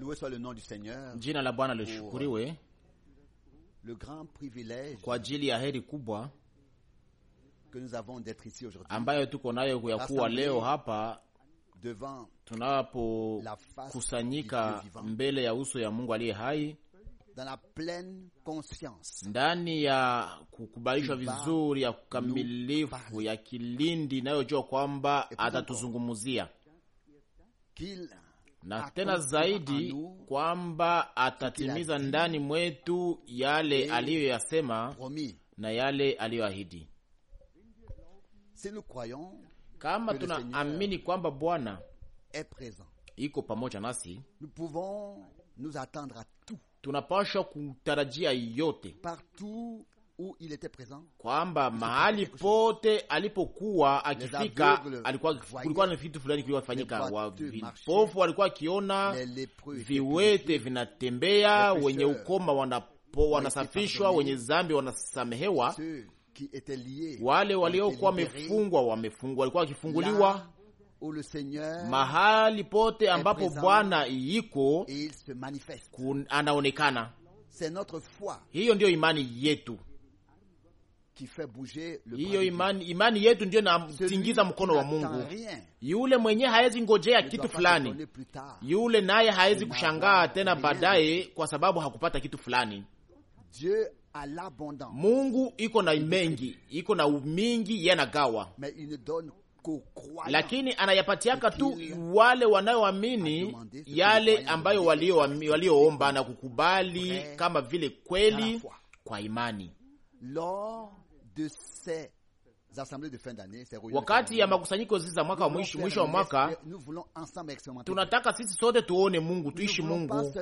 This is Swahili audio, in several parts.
Loué soit le nom du Seigneur. Jina la Bwana lishukuriwe euh, le grand privilège kwa ajili ya heri kubwa que nous avons d'être ici aujourd'hui, ambayo tuko nayo ya kuwa leo hapa Devant. tunapokusanyika mbele ya uso ya Mungu aliye hai dans la pleine conscience, ndani ya kukubalishwa vizuri ya kukamilifu ya kilindi inayojua kwamba atatuzungumzia na tena zaidi kwamba atatimiza ndani mwetu yale aliyoyasema na yale aliyoahidi. Kama tunaamini kwamba Bwana iko pamoja nasi, tunapashwa kutarajia yote kwamba mahali pote alipokuwa akifika, alikuwa kulikuwa na vitu fulani kilifanyika. Wavipofu walikuwa akiona, viwete vinatembea, wenye ukoma wanapo, wanasafishwa, wenye zambi wanasamehewa, wale waliokuwa wamefungwa wamefungwa, walikuwa wakifunguliwa mahali pote ambapo Bwana iko anaonekana. Hiyo ndiyo imani yetu hiyo imani, imani yetu ndiyo inatingiza mkono wa Mungu. Yule mwenye hawezi ngojea kitu fulani, yule naye hawezi kushangaa tena baadaye, kwa sababu hakupata kitu fulani. Mungu iko na mengi, iko na mingi, gawa lakini anayapatiaka tu wale wanayoamini yale ambayo walioomba na kukubali kama vile kweli kwa imani wakati ya makusanyiko zizi za mwaka wa mwisho, mwisho wa mwaka, tunataka sisi sote tuone Mungu, tuishi Mungu.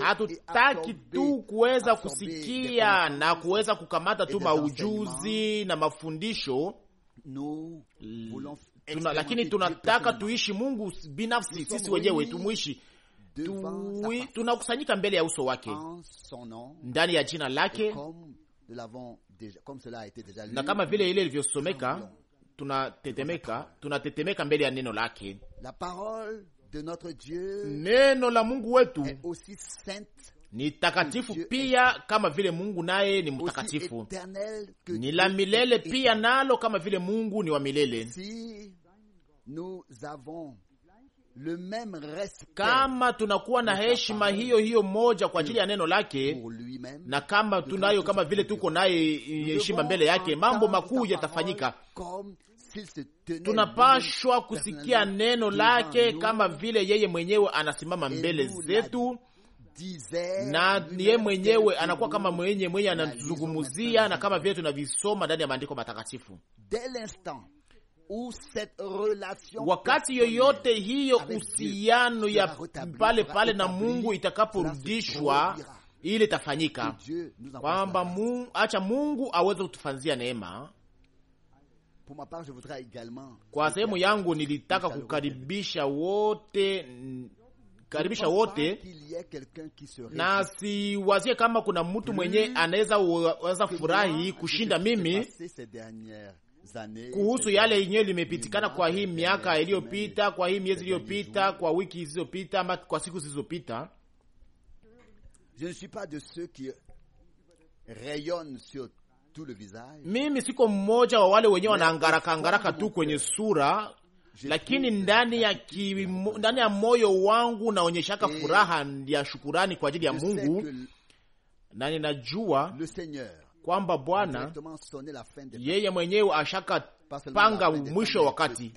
Hatutaki tu kuweza kusikia na kuweza kukamata tu maujuzi na mafundisho tuna, lakini tunataka tuishi Mungu binafsi, sisi wenyewe tumwishi tunakusanyika mbele ya uso wake ndani ya jina lake na kama vile ile ilivyosomeka, tunatetemeka tunatetemeka mbele ya neno lake. La neno la Mungu wetu ni takatifu pia kama vile Mungu naye ni mtakatifu, ni la milele pia nalo kama vile Mungu ni wa milele kama tunakuwa na heshima hiyo hiyo moja kwa ajili ya neno lake, na kama tunayo kama vile tuko naye eh, heshima mbele yake, mambo makuu yatafanyika. Tunapashwa kusikia neno lake kama vile yeye mwenyewe anasimama mbele zetu na yeye mwenyewe anakuwa kama mwenye mwenye anazungumuzia na kama vile tunavisoma ndani ya maandiko matakatifu wakati yoyote hiyo uhusiano ya pale pale na Mungu itakaporudishwa ile itafanyika, kwamba Mungu, acha Mungu aweze kutufanzia neema. Kwa sehemu yangu nilitaka kukaribisha wote karibisha wote, na siwazie kama kuna mtu mwenye hmm. anaweza weza furahi kushinda mimi kuhusu yale yenyewe limepitikana kwa hii miaka iliyopita, kwa hii miezi iliyopita, kwa wiki zilizopita, ama kwa siku zilizopita. Mimi siko mmoja wa wale wenyewe wanaangaraka angaraka tu kwenye sura, lakini ndani ya ki, ndani ya moyo wangu naonyeshaka furaha ya shukurani kwa ajili ya Mungu na ninajua kwamba Bwana yeye mwenyewe ashaka panga mwisho wa wakati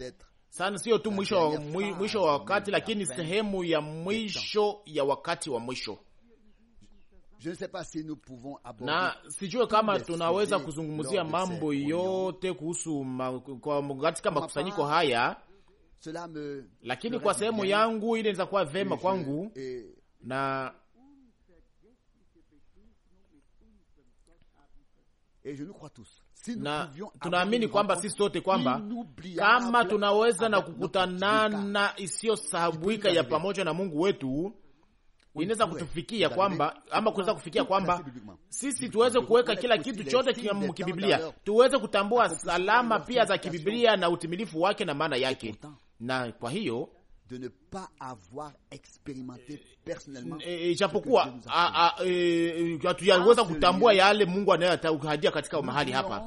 sana, sio tu mwisho wa mwisho wa wakati, lakini sehemu ya mwisho ya wakati wa mwisho. Na sijue kama tunaweza kuzungumzia mambo yote kuhusu katika makusanyiko haya, lakini kwa sehemu yangu ile inaweza kuwa vema kwangu na na tunaamini kwamba sisi sote kwamba kama tunaweza na kukutanana isiyosahabuika ya pamoja na Mungu wetu inaweza kutufikia kwamba ama kuweza kufikia kwamba sisi tuweze kuweka kila kitu chote kibiblia, tuweze kutambua salama pia za kibiblia na utimilifu wake na maana yake, na kwa hiyo de ne pas avoir expérimenté personnellement e, e, japokuwa hatuyaweza kutambua yale Mungu anayohadia katika mahali hapa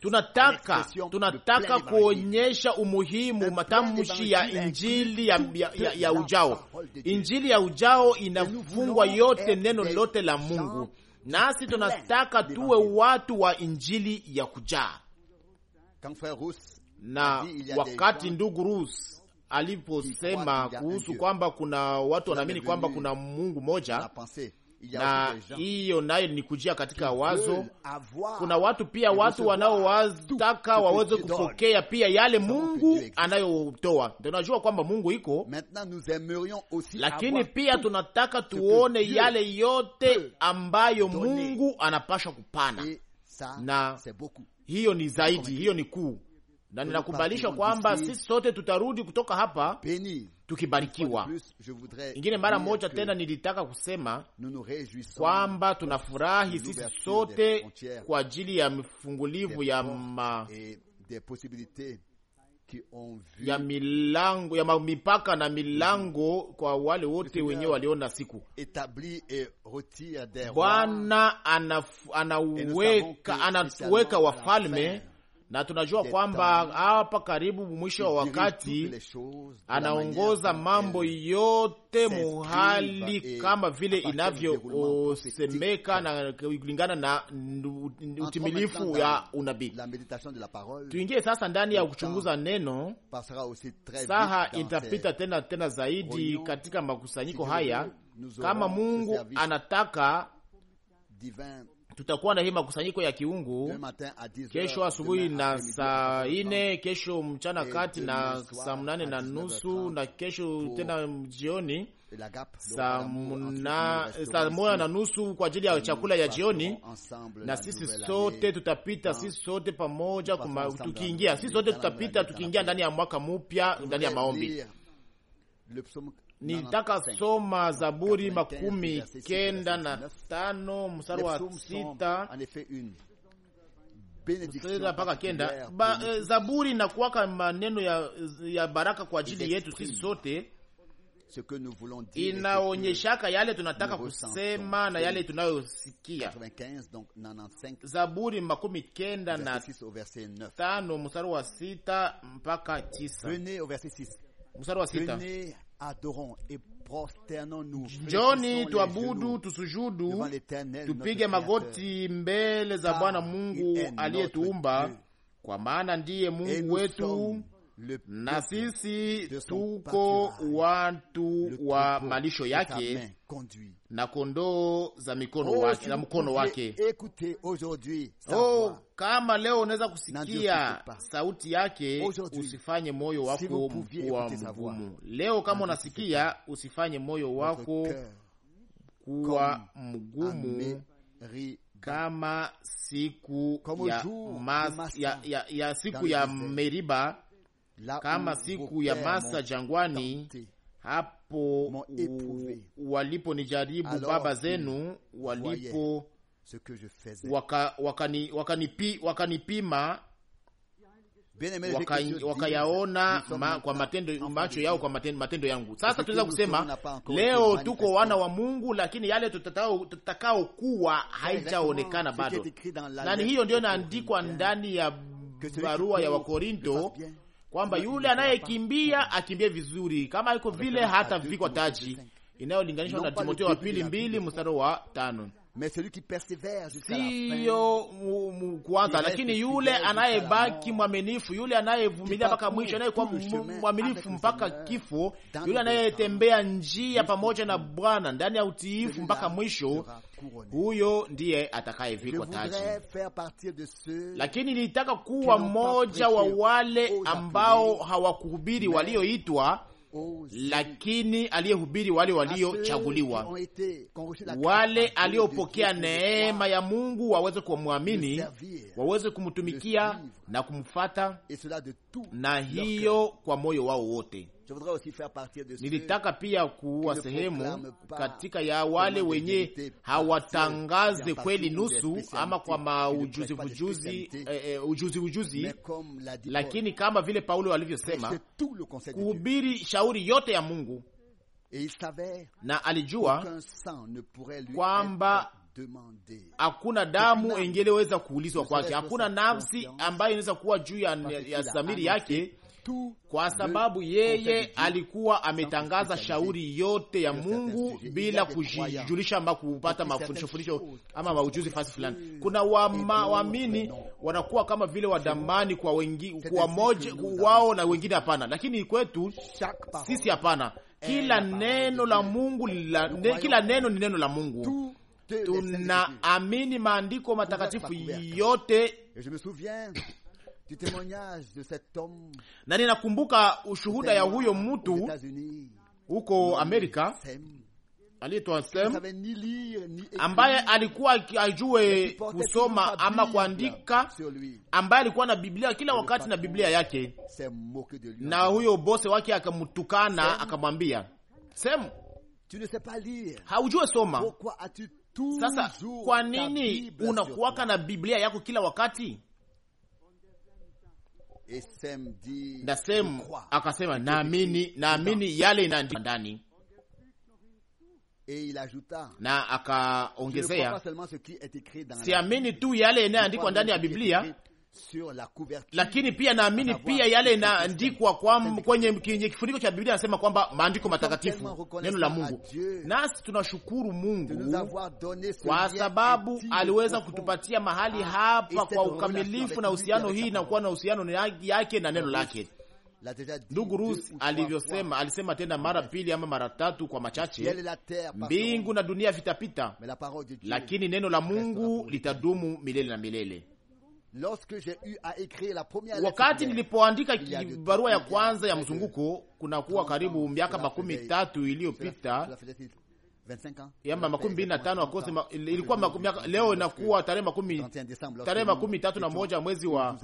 tunataka tunataka kuonyesha umuhimu matamshi ya injili ya, ya, ya, ya ujao. Injili ya ujao inafungwa yote neno lote la Mungu nasi tunataka tuwe watu wa injili ya kujaa. Na wakati ndugu Rus aliposema kuhusu kwamba kuna watu wanaamini kwamba kuna Mungu moja na hiyo nayo ni kujia katika wazo. Kuna watu pia watu wanaowataka waweze kupokea pia yale Mungu anayotoa. Tunajua kwamba Mungu iko, lakini pia tunataka tuone yale yote ambayo Mungu anapasha kupana, na hiyo ni zaidi, hiyo ni kuu, na ninakubalisha kwamba sisi sote tutarudi kutoka hapa tukibarikiwa. Ingine mara moja tena nilitaka kusema kwamba tunafurahi sisi sote kwa ajili ya mifungulivu ya ma ya milango ya mipaka na milango kwa wale wote wenyewe waliona siku. Bwana anaweka anaweka wafalme na tunajua kwamba hapa karibu mwisho wa wakati anaongoza mambo yote muhali eh, kama vile inavyosemeka na kulingana na utimilifu ya unabii. Tuingie sasa ndani ya kuchunguza neno. Saha itapita tena tena zaidi katika makusanyiko haya, kama Mungu anataka tutakuwa na hii makusanyiko ya kiungu kesho asubuhi na saa ine, kesho mchana kati na saa mnane na nusu na kesho tena jioni saa moja na nusu kwa ajili ya chakula ya jioni. Na sisi sote tutapita, sisi sote pamoja tukiingia, sisi sote tutapita tukiingia ndani ya mwaka mupya ndani ya maombi. Nitaka soma Zaburi makumi kenda na tano mstari wa sita mpaka kenda. Ba, eh, Zaburi inakuwaka maneno ya, ya baraka kwa ajili yetu sisi sote inaonyeshaka yale tunataka kusema na yale tunayosikia. Zaburi makumi kenda na tano mstari wa sita mpaka tisa mstari wa sita Njoni tuabudu, tusujudu, tupige magoti mbele za Bwana Mungu aliyetuumba, kwa maana ndiye Mungu wetu na sisi tuko watu wa malisho yake na kondoo za mikono oh, wake, na mkono wake. Oh, kama leo unaweza kusikia sauti yake, usifanye moyo wako kuwa mgumu. Leo kama unasikia, usifanye moyo wako kuwa mgumu kama siku ya, mas, ya, ya, ya siku ya Meriba, kama siku ya Masa jangwani hapo waliponijaribu baba zenu, walipo wakanipima wakayaona kwa matendo macho yao kwa matendo, matendo yangu. Sasa tunaweza kusema leo tuko wana wa Mungu, lakini yale tutakao kuwa haijaonekana bado, na hiyo ndio inaandikwa ndani ya barua ya Wakorinto kwamba yule anayekimbia akimbie vizuri, kama iko vile hata vikwa taji, inayolinganishwa na Timotheo wa pili mbili mstari wa tano mais siyo kwanza, lakini yule anayebaki mwaminifu, yule anayevumilia mpaka mwisho, anayekuwa mwaminifu mpaka kifo, yule anayetembea njia pamoja na Bwana ndani ya utiifu mpaka mwisho, huyo ndiye atakayevikwa taji. Lakini nilitaka kuwa mmoja wa wale ambao hawakuhubiri walioitwa lakini aliyehubiri wale waliochaguliwa, wale aliyopokea neema ya Mungu waweze kumwamini, waweze kumtumikia na kumfata, na hiyo kwa moyo wao wote. Nilitaka pia kuwa sehemu katika ya wale wenye hawatangaze kweli nusu ama kwa maujuzi ujuzi, eh, eh, ujuzi, ujuzi, lakini kama vile Paulo alivyosema kuhubiri shauri yote ya Mungu na alijua kwamba hakuna damu engeleweza kuulizwa kwake, hakuna nafsi ambayo inaweza kuwa juu ya zamiri yake kwa sababu yeye alikuwa ametangaza shauri yote ya Mungu bila kujulisha ama kupata mafundisho ama maujuzi fasi fulani. Kuna waamini wa wanakuwa kama vile wadamani kwa wengi, kwa moja wao na wengine hapana, lakini kwetu sisi hapana. Kila neno la Mungu la, ne, kila neno ni neno la Mungu. Tunaamini maandiko matakatifu yote na ninakumbuka ushuhuda ya huyo mtu huko Amerika aliyetwa Sem ambaye alikuwa ajue kusoma ama kuandika, ambaye alikuwa na Biblia kila wakati na Biblia yake, na huyo bose wake akamtukana, akamwambia Sem, haujue soma. Sasa kwa nini unakuwaka na Biblia yako kila wakati? na sehemu akasema, naamini naamini yale inaandikwa ndani na akaongezea siamini tu yale inayoandikwa ndani ya Biblia, lakini pia naamini pia yale inaandikwa kwenye kifuniko cha Biblia, anasema kwamba maandiko matakatifu, neno la Mungu. Nasi tunashukuru Mungu kwa sababu aliweza kutupatia mahali hapa kwa ukamilifu na uhusiano hii na kuwa na uhusiano yake na neno lake. Ndugu Rus alivyosema, alisema tena mara pili ama mara tatu kwa machache, mbingu na dunia vitapita, lakini neno la Mungu litadumu milele na milele. Wakati nilipoandika barua ya kwanza ya mzunguko, kunakuwa karibu miaka makumi tatu iliyopita, yamba makumi mbili na tano akose ilikuwa makumi, leo inakuwa tarehe makumi tarehe makumi tatu na moja mwezi wa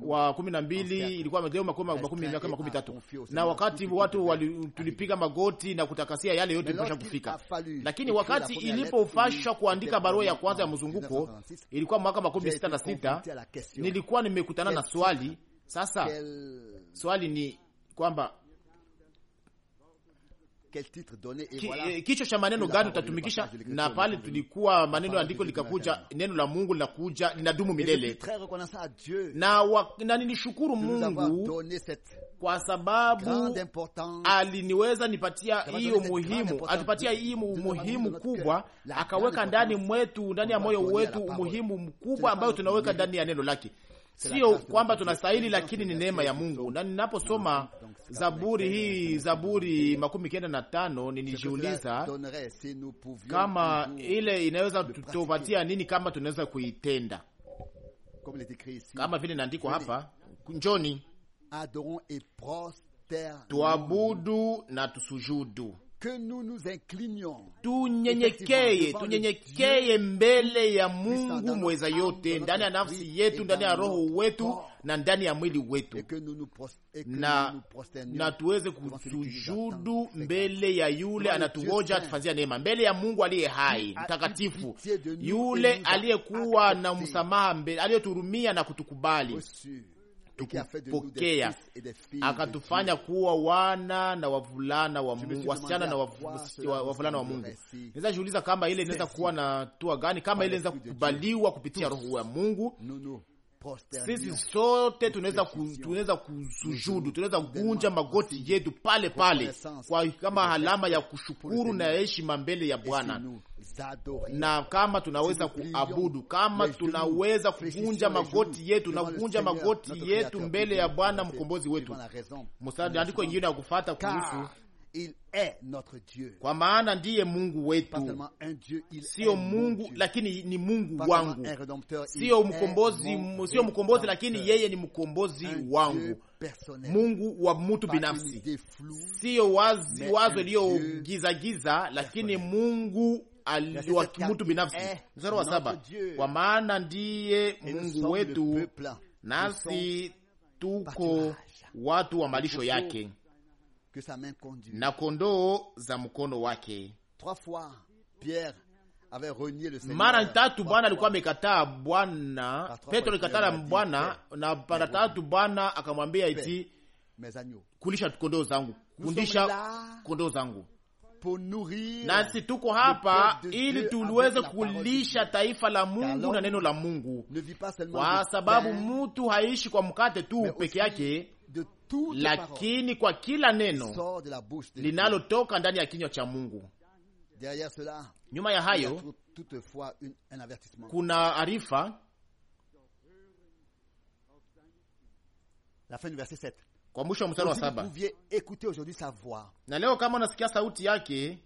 wa kumi na mbili ilikuwa leo makumi miaka makumi tatu na wakati watu wali, tulipiga magoti na kutakasia yale yote ilipasha kufika, lakini wakati ilipofasha kuandika barua ya kwanza ya mzunguko ilikuwa mwaka makumi sita na sita nilikuwa nimekutana na swali sasa swali ni kwamba ki, voilà, eh, kichwa cha maneno gani utatumikisha, na pale tulikuwa maneno andiko likakuja neno la Mungu linakuja linadumu milele na, wa, nilishukuru Mungu kwa sababu aliniweza nipatia hiyo muhimu, atupatia hii umuhimu kubwa, akaweka ndani mwetu ndani ya moyo wetu umuhimu mkubwa ambayo tunaweka ndani ya neno lake. Sio kwamba tunastahili, lakini ni neema ya Mungu. Na ninaposoma Zaburi hii, Zaburi makumi kenda na tano, nilijiuliza kama ile inaweza tutopatia nini, kama tunaweza kuitenda kama vile inaandikwa hapa, njoni tuabudu na tusujudu tunyenyekeye, tunyenyekeye mbele ya Mungu mweza yote, ndani ya nafsi yetu, ndani ya roho wetu na ndani ya mwili wetu, na na tuweze kusujudu mbele ya yule anatuoja tufanzia neema, mbele ya Mungu aliye hai mtakatifu, yule aliyekuwa na msamaha, aliyeturumia na kutukubali tukupokea, akatufanya kuwa wana na wavulana wa Mungu, wasichana na wavulana wa Mungu. Naweza jiuliza kama ile inaweza kuwa na tua gani, kama ile inaweza kukubaliwa kupitia roho ya Mungu sisi sote tunaweza tunaweza kusujudu, tunaweza kugunja magoti yetu pale pale kwa kama alama ya kushukuru na heshima mbele ya Bwana, na kama tunaweza kuabudu, kama tunaweza kugunja magoti yetu na kugunja magoti yetu mbele ya Bwana mkombozi wetu. Msaada andiko ingine ya kufuata kuhusu Il est notre Dieu. Kwa maana ndiye Mungu wetu, sio Mungu lakini ni Mungu wangu, sio mkombozi, sio mkombozi lakini yeye ni mkombozi wangu, Mungu wa mtu binafsi, sio wazo giza giza, lakini Mungu aliwa mtu binafsi. Eh, Mstari wa saba, kwa maana ndiye Mungu wetu, nasi tuko watu wa malisho yake que sa main conduit. na kondoo za mkono wake. trois fois pierre avait renié le seigneur Mara tatu Bwana alikuwa amekataa Bwana Petro, alikataa Bwana na mara tatu Bwana akamwambia iti, kulisha kondoo zangu, kundisha kondoo zangu nasi tuko hapa ili tuliweze kulisha taifa la Mungu na neno la Mungu, kwa sababu mtu haishi kwa mkate tu peke yake, lakini kwa kila neno linalotoka ndani ya kinywa cha Mungu. Nyuma ya hayo kuna arifa kwa mwisho wa mstari wa saba. Na leo kama unasikia sauti yake,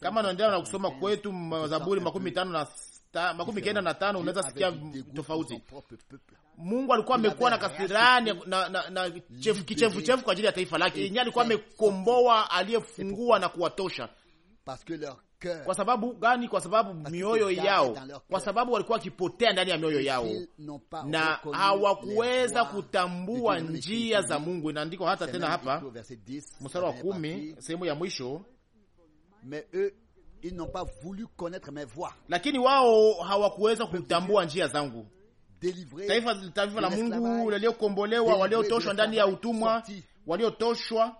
kama unaendelea na kusoma kwetu Zaburi makumi tano na makumi kenda na tano unaweza sikia tofauti. Mungu alikuwa amekuwa na kasirani na, na, na kichefu chefu kwa ajili ya taifa lake yenyewe, alikuwa amekomboa aliyefungua na kuwatosha. Kwa sababu gani? Kwa sababu mioyo yao, kwa sababu walikuwa wakipotea ndani ya mioyo yao na hawakuweza kutambua njia za Mungu. Inaandikwa hata tena hapa mstari wa kumi sehemu ya mwisho lakini wao hawakuweza kutambua njia zangu. Taifa, taifa la Mungu waliokombolewa, waliotoshwa ndani ya utumwa, waliotoshwa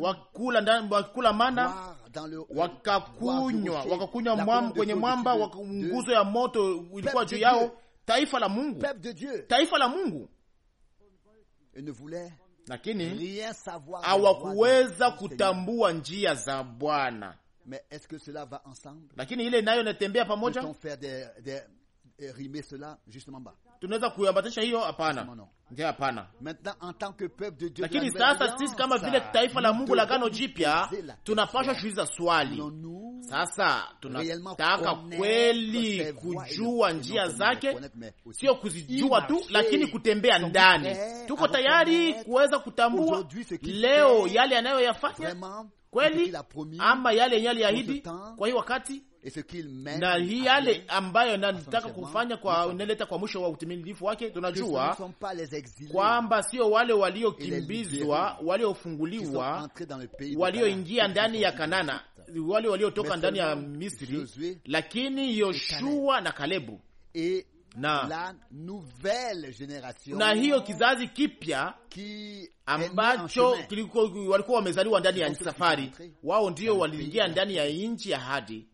wakula, wakula mana wakakunywa wakakunywa mwamba kwenye mwamba, nguzo ya moto ilikuwa juu yao. Taifa la Mungu, taifa la Mungu, lakini hawakuweza kutambua njia za Bwana. Mais est-ce que cela va ensemble? Lakini ile nayo inatembea pamoja. Peut-on faire des, des, rimer cela juste mamba? Tunaweza kuambatisha hiyo? Hapana, ndio, hapana. Maintenant en tant que peuple de Dieu, lakini sasa sisi kama vile taifa la Mungu la gano jipya tunapaswa kuuliza swali sasa, tunataka kweli kujua njia zake, sio kuzijua tu, lakini kutembea ndani. Tuko tayari kuweza kutambua leo yale anayoyafanya kweli ama yale yenye aliahidi kwa hii wakati na hii yale ambayo nataka kufanya kwa unaleta kwa mwisho wa utimilifu wake. Tunajua kwamba sio wale waliokimbizwa, waliofunguliwa, walioingia ndani ya Kanana, wale waliotoka ndani ya Misri, lakini Yoshua na Kalebu na la nouvelle generation, na hiyo kizazi kipya ambacho walikuwa wamezaliwa ndani ya safari, wao ndio waliingia ndani ya nchi ya hadi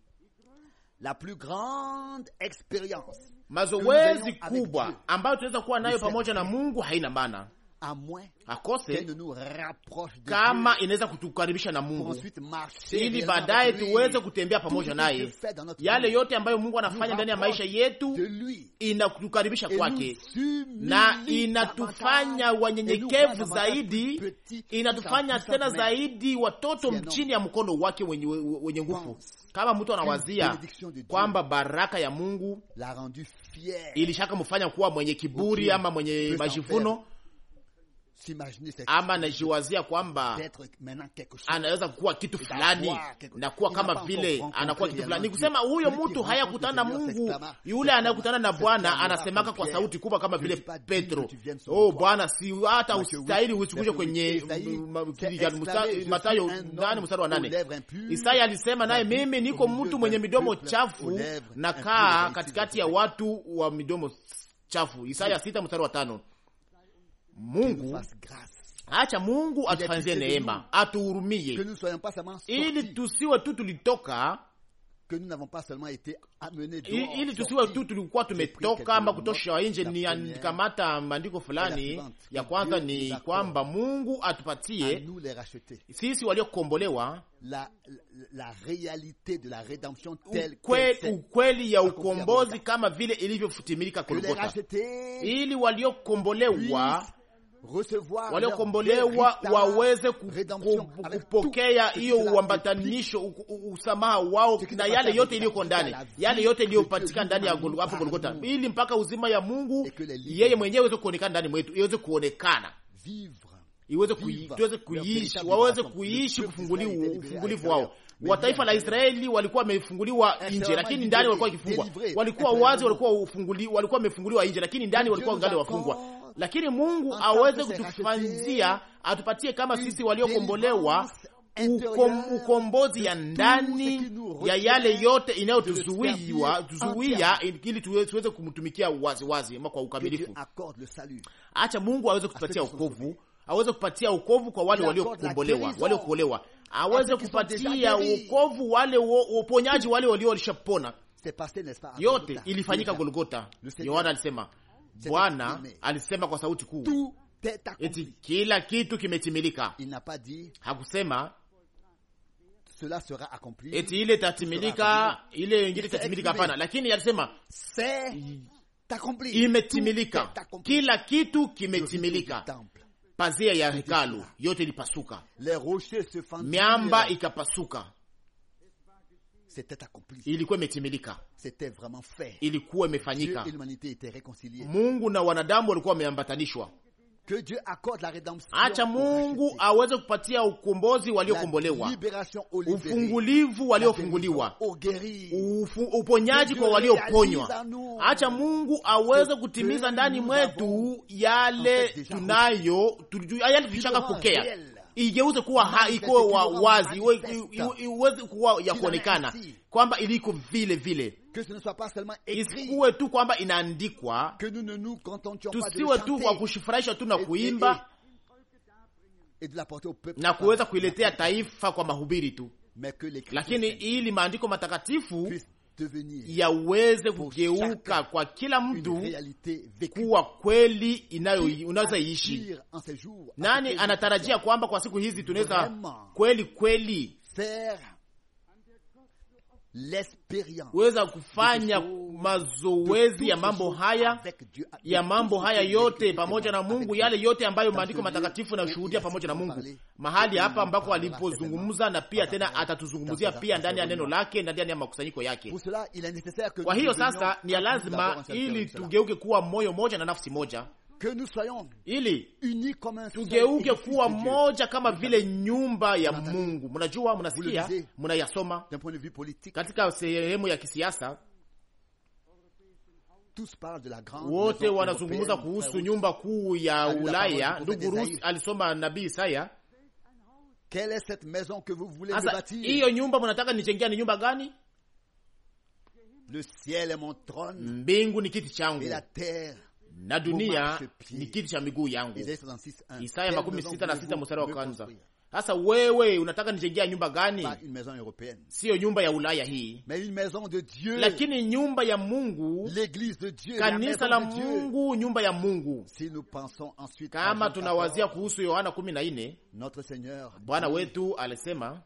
la plus grande experience mazoezi kubwa ambayo tunaweza kuwa nayo pamoja na Mungu haina maana à moins akose nous de kama Dieu, inaweza kutukaribisha na Mungu ili baadaye tuweze kutembea pamoja naye. Yale yote ambayo Mungu anafanya ndani ya maisha yetu inatukaribisha kwake na inatufanya wanyenyekevu zaidi, inatufanya tena zaidi watoto chini ya mkono wake wenye, wenye nguvu. Kama mtu anawazia kwamba baraka ya Mungu ilishaka mufanya kuwa mwenye kiburi ama mwenye majivuno ama najiwazia kwamba anaweza kuwa kitu fulani na kuwa kama vile anakuwa kitu fulani. Ni kusema huyo mtu hayakutana na Mungu, yule anayekutana na Bwana anasemaka kwa sauti kubwa kama vile Petro, oh Bwana, si hata ustahili usikuje kwenye Mathayo nane mstari wa nane. Isaya alisema naye, mimi niko mtu mwenye midomo chafu, na kaa katikati ya watu wa midomo chafu. Isaya sita mstari wa tano. Mungu, acha Mungu atufanyizie neema, atuhurumie, ili tusiwe tu tulitoka ili tusiwe tu tulikuwa tumetoka ama kutosha nje. Ni kamata maandiko fulani ya kwanza ni kwamba Mungu atupatie sisi waliokombolewa ukweli ya ukombozi kama vile ilivyofutimilika Kolgota, ili waliokombolewa waliokombolewa waweze kupokea hiyo uambatanisho, usamaha wao na yale yote iliyoko ndani, yale yote iliyopatikana ndani ya hapo Golgota, ili mpaka uzima ya Mungu yeye mwenyewe iweze kuonekana ndani mwetu, iweze kuonekana iweze tuweze kuishi, waweze kuishi ufungulivu wao wa taifa la Israeli. Walikuwa wamefunguliwa nje, lakini ndani walikuwa wakifungwa. Walikuwa wazi, walikuwa wamefunguliwa nje, lakini ndani walikuwa ngali wafungwa lakini Mungu aweze kutufanzia atupatie kama sisi waliokombolewa ukom, ukombozi ya ndani ya yale yote inayotuzuia tuzuia, ili tuweze kumtumikia waziwazi ama kwa ukamilifu. Acha Mungu aweze kutupatia ukovu aweze kupatia ukovu kwa wale waliokombolewa, waliokolewa, aweze kupatia ukovu wale, uponyaji wale waliolishapona. Yote ilifanyika Golgota, Yohana alisema Bwana alisema kwa sauti kuu eti kila kitu kimetimilika. Hakusema cela sera accompli, eti ile tatimilika, ile ingine tatimilika, hapana, lakini alisema imetimilika, kila kitu kimetimilika. Pazia ya hekalu yote ilipasuka, miamba ikapasuka ilikuwa imetimilika, ilikuwa imefanyika. Mungu na wanadamu walikuwa wameambatanishwa. Acha Mungu aweze kupatia ukombozi waliokombolewa, ufungulivu waliofunguliwa, ufu, uponyaji kwa walioponywa. Acha Mungu aweze kutimiza ndani mwetu yale tunayo yale tulishaka pokea igeuze kuwa haikuwe wa wazi, iweze kuwa ya kuonekana kwamba iliko vile vile, isikuwe tu kwamba inaandikwa, tusiwe tu kwa kushifurahisha tu na kuimba na kuweza kuiletea taifa kwa mahubiri tu, lakini ili maandiko matakatifu yaweze kugeuka kwa kila mtu kuwa kweli inaweza iishi. Nani anatarajia kwamba kwa siku hizi tunaweza kweli kweli weza kufanya mazoezi ya mambo haya ya mambo haya yote pamoja na Mungu, yale yote ambayo maandiko matakatifu yanashuhudia pamoja na Mungu, mahali hapa ambako alipozungumza, na pia tena atatuzungumzia pia ndani ya neno lake na ndani ya makusanyiko yake. Kwa hiyo sasa ni ya lazima, ili tugeuke kuwa moyo moja na nafsi moja que nous soyons ili unis comme un tugeuke kuwa moja kama vile nyumba ya Mungu. Mnajua, mnasikia, mnayasoma katika sehemu ya kisiasa wote wanazungumza kuhusu nyumba kuu ya Ulaya. Ndugu Rusi alisoma nabii Isaya. Sasa hiyo nyumba mnataka nijengea ni nyumba gani? Mbingu ni kiti changu na dunia ni kiti cha miguu yangu. Isaya makumi sita na sita mstari wa kwanza. Sasa wewe unataka nijengea nyumba gani? Siyo nyumba ya Ulaya hii, lakini nyumba ya Mungu, kanisa la Mungu, nyumba ya Mungu. Kama tunawazia kuhusu Yohana kumi na nne, Bwana wetu alisema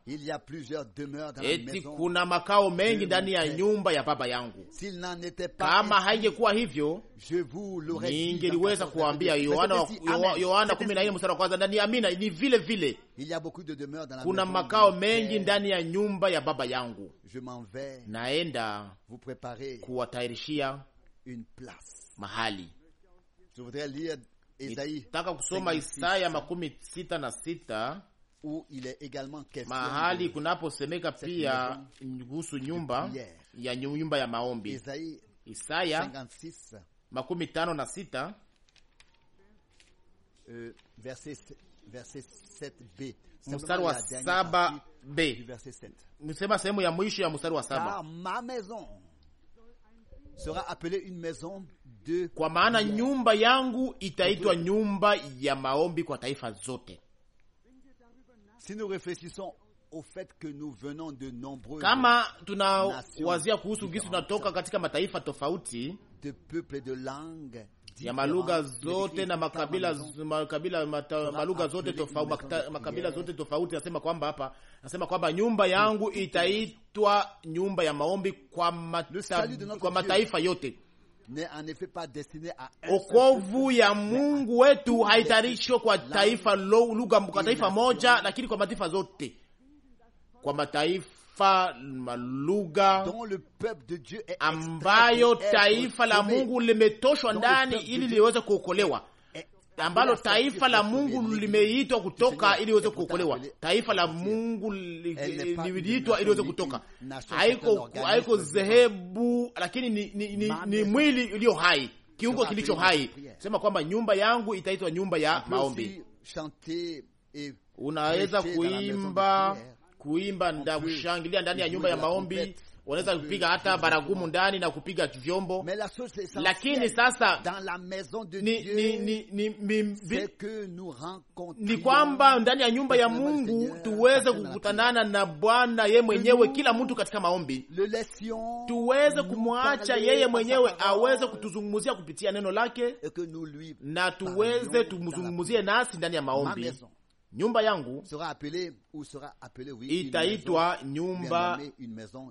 eti kuna makao mengi ndani ya nyumba ya Baba yangu. Kama haingekuwa hivyo ningeliweza kuambia Yohana Yohana kumi mstari wa kwanza ndani ya amina, ni vile vile kuna makao mengi ndani ya nyumba ya Baba yangu, naenda kuwatayarishia mahali. Nitaka kusoma Isaya makumi sita na sita mahali kunaposemeka pia kuhusu nyumba ya nyumba ya maombi Isaya makumi tano na sita euh, mstari wa saba b msema sehemu ya mwisho ya mstari wa saba sera appelée une maison de kwa maana nyumba yangu itaitwa nyumba ya maombi kwa taifa zote. Si nous réfléchissons au fait que nous venons de nombreuses, kama tunawazia kuhusu gisi tunatoka katika mataifa tofauti de de peuple et langue ya malugha zote na makabila makabila malugha zote tofauti makabila zote tofauti. Nasema kwamba hapa nasema kwamba nyumba yangu itaitwa nyumba ya maombi kwa, mata, kwa mataifa yote. Okovu ya Mungu wetu haitarishwa kwa taifa lugha, kwa taifa moja, lakini kwa mataifa zote, kwa mataifa malugha ambayo taifa la Mungu limetoshwa ndani ili liweze kuokolewa, ambalo taifa la Mungu limeitwa kutoka ili iweze kuokolewa. Taifa la Mungu liliitwa ili iweze kutoka, haiko haiko dhehebu, lakini ni, ni, ni, ni mwili ulio hai, kiungo kilicho hai. Sema kwamba nyumba yangu itaitwa nyumba ya maombi. Unaweza kuimba kuimba na kushangilia ndani ya nyumba ya maombi, wanaweza kupiga hata baragumu ndani na kupiga vyombo, lakini sasa ni, ni kwamba ndani ya nyumba ya Mungu tuweze kukutanana na Bwana yeye mwenyewe, kila mtu katika maombi, tuweze kumwacha yeye mwenyewe aweze kutuzungumzia kupitia neno lake, na tuweze tumzungumzie nasi ndani ya maombi nyumba yangu itaitwa nyumba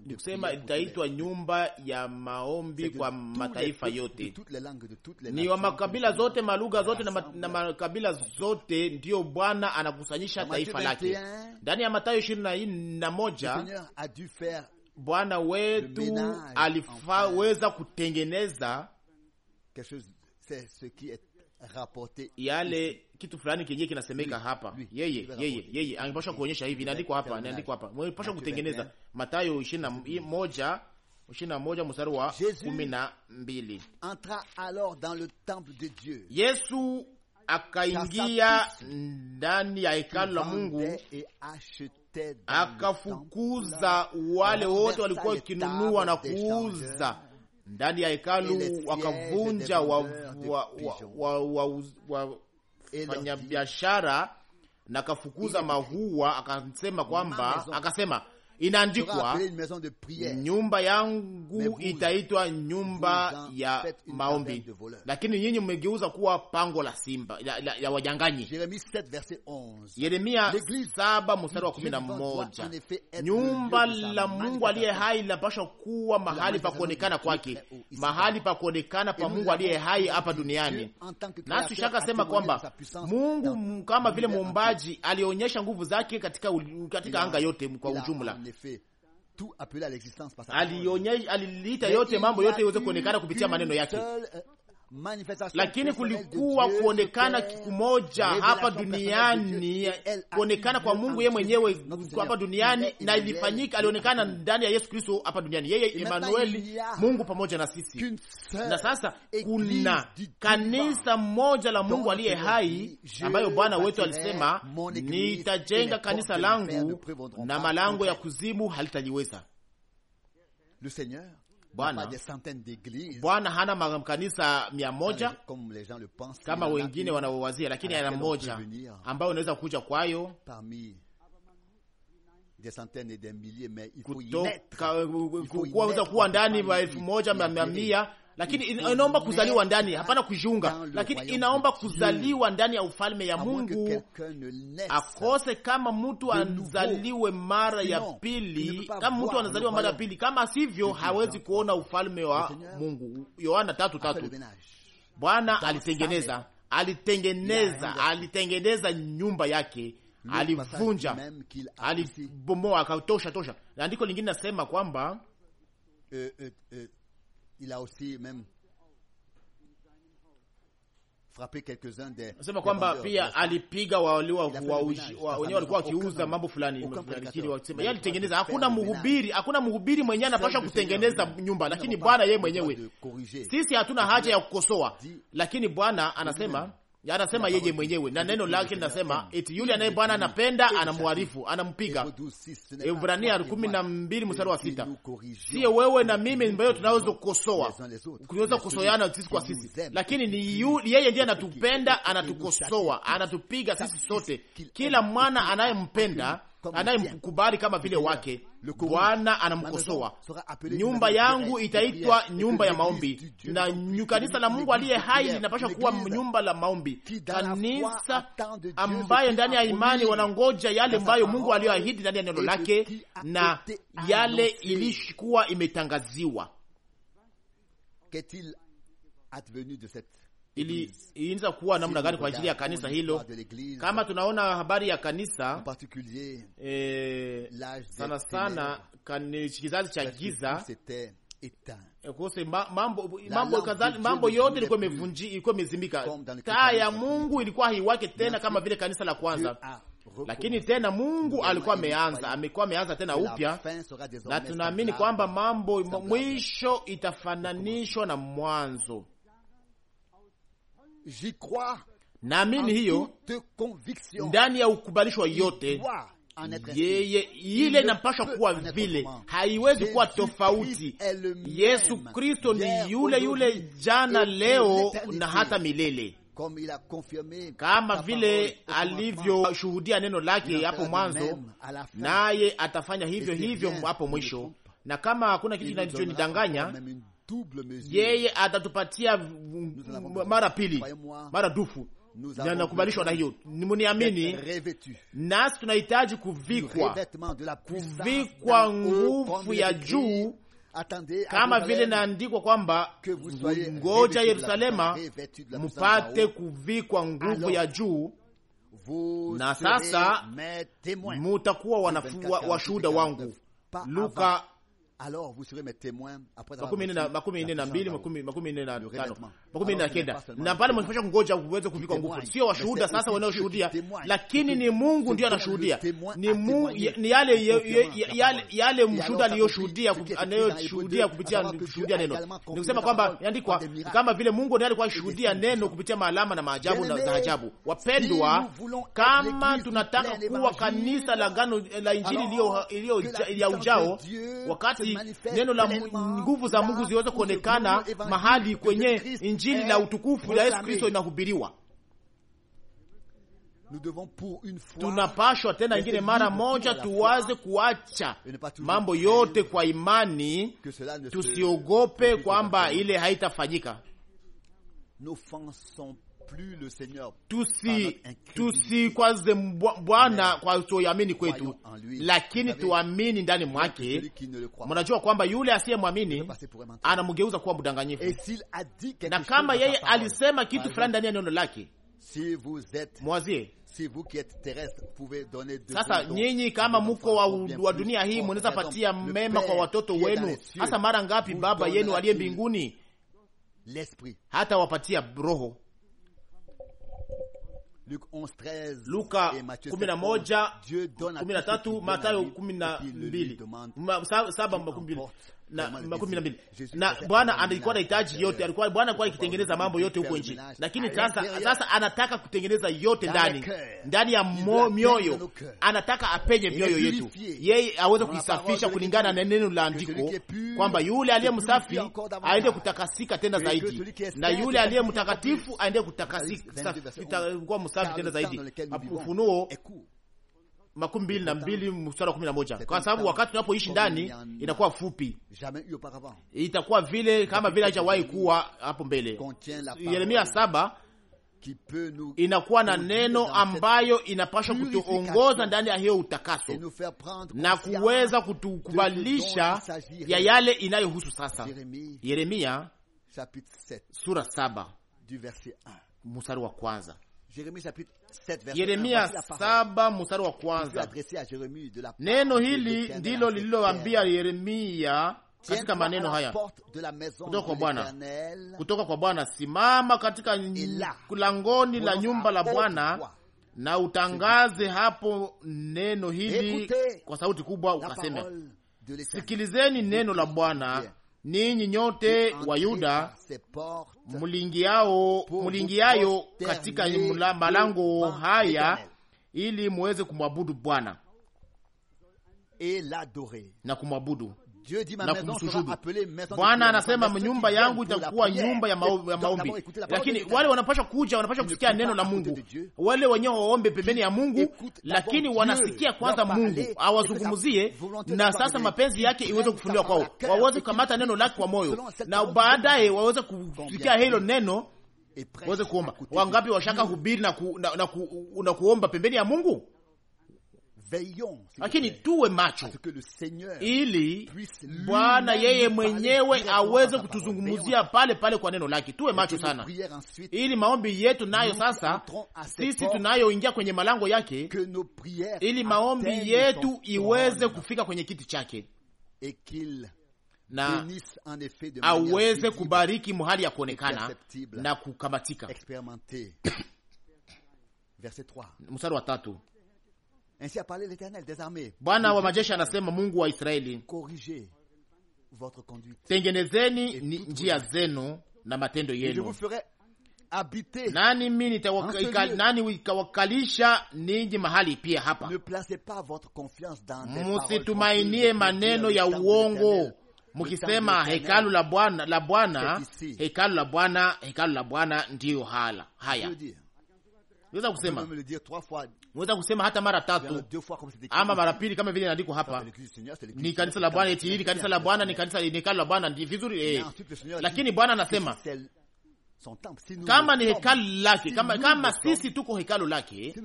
nikusema, itaitwa nyumba ya maombi kwa mataifa yote, ni wa makabila zote, malugha zote na makabila zote, ndiyo Bwana anakusanyisha taifa lake. Ndani ya Mathayo ishirini na moja Bwana wetu alifaweza kutengeneza yale kitu fulani kenyewe kinasemeka hapa, yeye yeye yeye angepasha kuonyesha hivi. Inaandikwa hapa, inaandikwa hapa, mwepasha kutengeneza. Mathayo ishirini na moja ishirini na moja mstari wa kumi na mbili. Yesu akaingia ndani ya hekalu la Mungu akafukuza wale wote walikuwa wakinunua na kuuza ndani ya hekalu wakavunja wafanyabiashara na akafukuza mahua akasema kwamba akasema inaandikwa, nyumba yangu itaitwa nyumba ya maombi, lakini nyinyi mmegeuza kuwa pango la simba la, la, ya wajanganyi. Yeremia saba mstari wa kumi na moja nyumba la Mungu aliye hai linapashwa kuwa mahali pa kuonekana kwake, mahali pa kuonekana pa Mungu aliye hai hapa duniani. Nasi shaka sema kwamba Mungu kama vile muumbaji alionyesha nguvu zake katika, katika anga yote kwa ujumla fait tout appelé à l'existence. Alionye, alilita yote mambo yote iweze kuonekana kupitia maneno yake. Euh, lakini kulikuwa kuonekana kumoja hapa duniani, kuonekana kwa Mungu yeye mwenyewe hapa duniani, na ilifanyika, alionekana ndani ya Yesu Kristo hapa duniani, yeye Emanueli, Mungu pamoja na sisi. Na sasa kuna kanisa moja la Mungu aliye hai, ambayo Bwana wetu alisema, nitajenga kanisa langu na malango ya kuzimu halitaliweza. Bwana Bwana hana makanisa mia moja kama wengine wanaowazia, lakini ana moja ambayo unaweza kuja kwayo eh, kuweza kuwa ndani maelfu elfu moja mia mia lakini inaomba kuzaliwa ndani, hapana kujiunga, lakini inaomba kuzaliwa ndani ya ufalme ya Mungu, akose kama mtu anzaliwe mara ya pili, kama mtu anazaliwa mara ya pili, kama sivyo hawezi kuona ufalme wa Mungu. Yohana tatu tatu. Bwana alitengeneza alitengeneza alitengeneza nyumba yake, alivunja, alibomoa, akatosha tosha. Andiko lingine nasema kwamba euh, euh, euh, il a aussi même Nasema kwamba pia alipiga wale walikuwa wakiuza mambo fulani, yeye alitengeneza. Hakuna mhubiri, hakuna mhubiri mwenyewe anapasha kutengeneza nyumba, lakini Bwana yeye mwenyewe. Sisi hatuna haja ya kukosoa, lakini Bwana anasema anasema yeye mwenyewe na neno lake linasema eti yule anaye Bwana anapenda anamwarifu, anampiga. Ibrania kumi na mbili mstari wa sita. Sio wewe na mimi ambayo tunaweza kukosoa, kuweza kukosoana sisi kwa sisi, lakini ni yule yeye ndiye anatupenda, anatukosoa, anatupiga sisi sote. Kila mwana anayempenda anayemkubali kama vile wake. Bwana anamkosoa, nyumba yangu itaitwa nyumba ya maombi, na kanisa la Mungu aliye hai linapasha kuwa nyumba la maombi, kanisa ambayo ndani ya imani wanangoja yale ambayo Mungu aliyoahidi ndani ya neno lake na yale ilishikuwa imetangaziwa ili inza kuwa namna gani kwa ajili ya kanisa hilo. Kama tunaona habari ya kanisa eh, sana sana eh, kizazi cha giza eh, kose mambo mambo kadhali mambo yote ilikuwa imevunji ilikuwa imezimika. Taa ya Mungu ilikuwa haiwake tena kama vile kanisa la kwanza, lakini tena Mungu alikuwa ameanza amekuwa ameanza tena upya, na tunaamini kwamba mambo mwisho itafananishwa na mwanzo naamini hiyo ndani ya ukubalishwa yote yeye ile inapashwa kuwa vile, haiwezi kuwa tofauti. Yesu Kristo ni yule yule jana, leo na hata milele, kama vile alivyoshuhudia neno lake hapo mwanzo, naye atafanya hivyo hivyo hapo mwisho. Na kama hakuna kitu kinachonidanganya, yeye atatupatia mara pili, mara dufu. Nakubalishwa na hiyo, muniamini, nasi tunahitaji kuvikwa kuvikwa nguvu ya juu kama vile naandikwa kwamba ngoja Yerusalema mupate kuvikwa nguvu ya juu. Na sasa mutakuwa washuhuda wangu. Luka alors vous serez mes témoins après la makumi na kenda na pale mnapaswa kungoja uweze kuvikwa nguvu. Sio washuhuda sasa wanaoshuhudia, lakini ni Mungu ndio anashuhudia, ni ni yale yale yale mshuhuda aliyoshuhudia, anayoshuhudia kupitia kushuhudia neno. Ni kusema kwamba andikwa kama vile Mungu ndiye alikuwa shuhudia neno kupitia maalama na maajabu na ajabu. Wapendwa, kama tunataka kuwa kanisa la gano la injili iliyo iliyo ya ujao, wakati neno la nguvu za Mungu ziweze kuonekana mahali kwenye injili eh, na utukufu ya Yesu Kristo inahubiriwa. Tunapashwa tena ingine mara moja tuwaze kuacha mambo yote kwa imani, tusiogope kwamba ile haitafanyika tusi tusikwaze Bwana kwa kutoamini kwetu, lakini tuamini ndani mwake. Mnajua kwamba yule asiyemwamini anamgeuza kuwa mdanganyifu, na kama yeye alisema kitu fulani ndani ya neno lake mwazie sasa nyinyi kama mko wa, wa dunia hii mnaweza patia mema kwa watoto wenu, hasa mara ngapi baba yenu aliye mbinguni hata wapatia roho Luka 11 13 Matayo 12 saba makumi mbili na makumi na mbili na Bwana alikuwa anahitaji yote, alikuwa Bwana alikuwa akitengeneza mambo yote huko nje, lakini sasa sasa anataka kutengeneza yote ndani ndani ya mo, mioyo. Anataka apenye mioyo yetu, yeye aweze kuisafisha kulingana na neno la andiko kwamba yule aliye msafi aende kutakasika tena zaidi, na yule aliye mtakatifu aende kutakasika kuwa msafi tena zaidi. Ufunuo makumi mbili na mbili mstari wa kumi na moja kwa sababu wakati unapoishi ndani inakuwa fupi, itakuwa vile kama vile haijawahi kuwa hapo mbele. Yeremia saba inakuwa na neno ambayo inapashwa kutuongoza ndani ya hiyo utakaso na kuweza kutukubalisha ya yale inayohusu sasa. Yeremia sura saba mstari wa kwanza. Yeremia saba mstari wa kwanza. Neno hili ndilo lililoambia Yeremia katika maneno haya kutoka kwa Bwana, kutoka kwa Bwana, simama katika langoni la nyumba la Bwana na utangaze hapo neno hili kwa sauti kubwa, ukaseme sikilizeni neno la Bwana ninyi nyote wa Yuda mlingiayo katika malango haya ili muweze kumwabudu Bwana na kumwabudu Bwana anasema nyumba yangu itakuwa nyumba ya maombi, lakini wale wanapasha kuja, wanapasha kusikia neno la Mungu, wale wenyewe waombe pembeni ya Mungu, lakini wanasikia kwanza Mungu awazungumzie, na sasa mapenzi yake iweze kufunuliwa kwao, waweze kukamata neno lake kwa moyo, na baadaye waweze kusikia hilo neno waweze kuomba. Wangapi washaka hubiri na, ku, na, na, ku, na kuomba pembeni ya Mungu? lakini tuwe macho ili Bwana yeye mwenyewe aweze kutuzungumzia pale pale kwa neno lake. Tuwe macho sana, ili maombi yetu nayo sasa, sisi tunayoingia kwenye malango yake, ili maombi yetu iweze kufika kwenye kiti chake na aweze kubariki mahali ya kuonekana na kukamatika. Mstari wa tatu Bwana wa majeshi anasema, Mungu wa Israeli, tengenezeni njia zenu na matendo yenu, nani mimi nani wikawakalisha ninyi mahali pia hapa. Musitumainie maneno ya uongo mukisema hekalu la Bwana, la Bwana, hekalu la Bwana, hekalu la Bwana ndiyo hala haya Niweza kusema niweza kusema hata mara tatu ama mara pili, kama vile inaandikwa hapa, ni kanisa la Bwana eti hili kanisa la Bwana ni kanisa ni hekalu la Bwana, ndio vizuri eh. Lakini Bwana anasema kama ni hekalu lake, kama kama sisi tuko hekalu lake,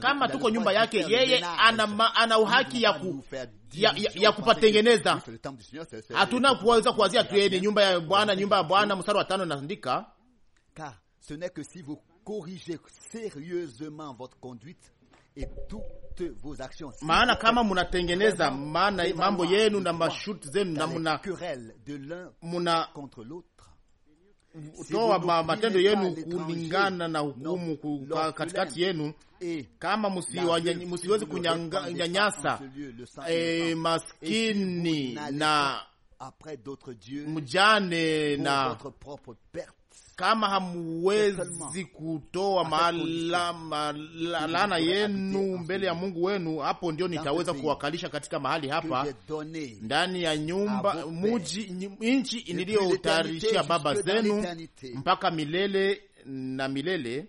kama tuko nyumba yake, yeye ana ana uhaki ya ku ya, ya, ya kupatengeneza. Hatuna kuweza kuwazia tu ni nyumba ya Bwana, nyumba ya Bwana. Mstari wa tano naandika corriger sérieusement votre conduite et tout Maana kama munatengeneza maana mambo yenu na mashuti zenu na muna muna matendo yenu kulingana na hukumu katikati yenu, kama musiwezi kunyanyasa eh, maskini na mjane na kama hamuwezi kutoa laana yenu mbele ya Mungu wenu, hapo ndio nitaweza kuwakalisha katika mahali hapa ndani ya nyumba muji nchi niliyotayarishia baba zenu mpaka milele na milele.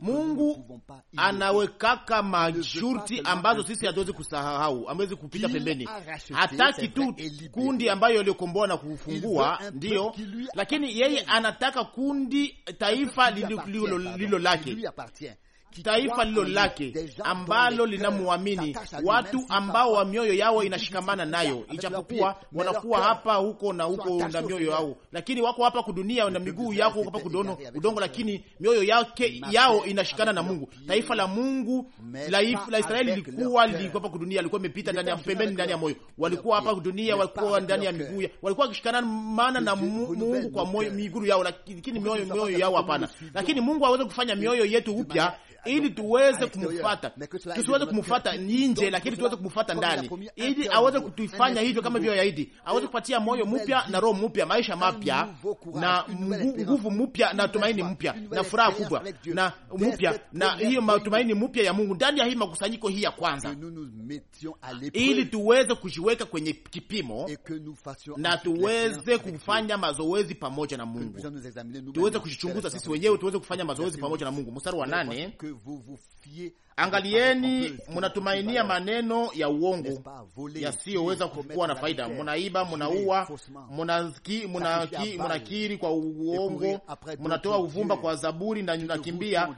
Mungu anawekaka majurti ambazo sisi hatuwezi kusahau, hatuwezi kupita pembeni. Hataki tu kundi ambayo aliokomboa na kufungua, ndiyo, lakini yeye anataka kundi, taifa lililo lake taifa lilo lake ambalo linamwamini, watu ambao wa mioyo yao inashikamana nayo, ijapokuwa wanakuwa hapa huko na huko na mioyo yao, lakini wako hapa kudunia na miguu yako hapa kudono udongo, lakini mioyo yake yao inashikana na Mungu. Taifa la Mungu la, la Israeli lilikuwa lilikuwa hapa kudunia, lilikuwa imepita ndani ya pembeni, ndani ya moyo, walikuwa hapa kudunia, walikuwa ndani ya miguu, walikuwa wakishikana maana na Mungu kwa moyo miguu yao, lakini mioyo mioyo yao hapana. Lakini Mungu aweze kufanya mioyo yetu upya ili tuweze kumfuata, tusiweze kumfuata nje, lakini tuweze kumfuata ndani, ili aweze kutuifanya hivyo kama vile yaidi, aweze kupatia moyo mpya na roho mpya, maisha mapya na nguvu mpya na tumaini mpya na furaha kubwa na mpya na hiyo matumaini mpya ya Mungu ndani ya hii makusanyiko hii ya kwanza, ili tuweze kujiweka kwenye kipimo na tuweze kufanya mazoezi pamoja na Mungu, tuweze kujichunguza sisi wenyewe, tuweze kufanya mazoezi pamoja na Mungu. Mstari wa nane vous vous fiez Angalieni, mnatumainia maneno ya uongo yasiyoweza kuwa na faida. Mnaiba, munaua mnakiri kwa uongo, mnatoa uvumba kwa zaburi na nakimbia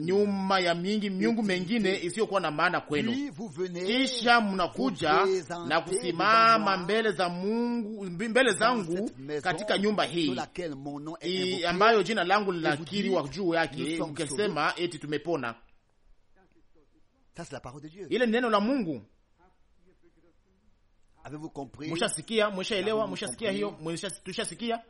nyuma ya mingi miungu mengine isiyokuwa na maana kwenu. Kisha mnakuja na kusimama mbele za Mungu, mbele zangu katika nyumba hii ambayo jina langu linakiriwa juu yake, mkisema eti tumepona. Ça, Ile neno la Mungu. Avez-vous compris? hiyo, tushasikia.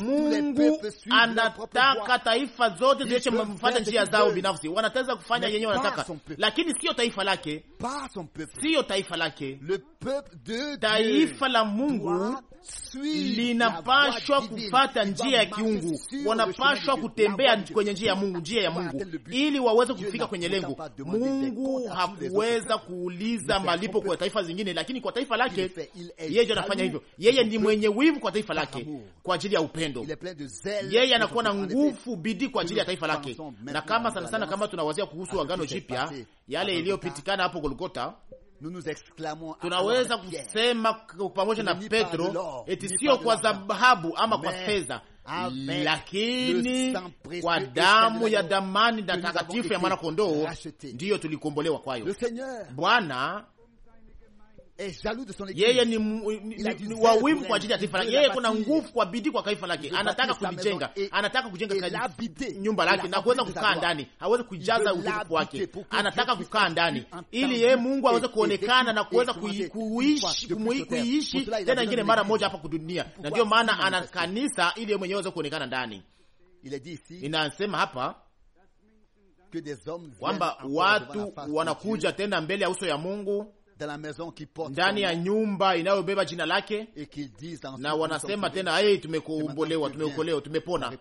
Mungu anataka taifa zote ziache mfuata njia zao binafsi, wanataweza kufanya yenyewe wanataka, lakini sio taifa lake, sio taifa lake. Taifa la Mungu linapashwa kufata njia ya kiungu, wanapashwa kutembea kwenye njia ya Mungu, njia ya Mungu ili waweze kufika kwenye lengo. Mungu hakuweza kuuliza malipo kwa taifa zingine, lakini kwa taifa lake yeye anafanya hivyo. Yeye ni mwenye wivu kwa taifa lake kwa ajili ya upendo, yeye anakuwa na nguvu, bidii kwa ajili ya taifa lake. Na kama sana sana, kama tunawazia kuhusu Agano Jipya, yale iliyopitikana hapo Golgota tunaweza kusema pamoja na Petro eti sio kwa dhahabu ama kwa fedha, lakini kwa damu ya damani na takatifu ya mwana kondoo ndiyo tulikombolewa kwayo. Bwana yeye ni, ni wawivu kwa ajili ya taifa lake. Yeye kuna nguvu kwa bidii kwa taifa lake, anataka kulijenga, anataka kujenga nyumba lake na kuweza kukaa ndani, aweze kujaza utukufu wake. Anataka kukaa ndani ili yeye Mungu aweze kuonekana na kuweza kuishi tena ingine mara moja hapa kudunia, na ndiyo maana ana kanisa ili yeye mwenyewe aweze kuonekana ndani. Inasema hapa kwamba watu wanakuja tena mbele ya uso ya Mungu ndani ya nyumba inayobeba jina lake, na wanasema tena hey, tumekuombolewa tumeokolewa, tumepona.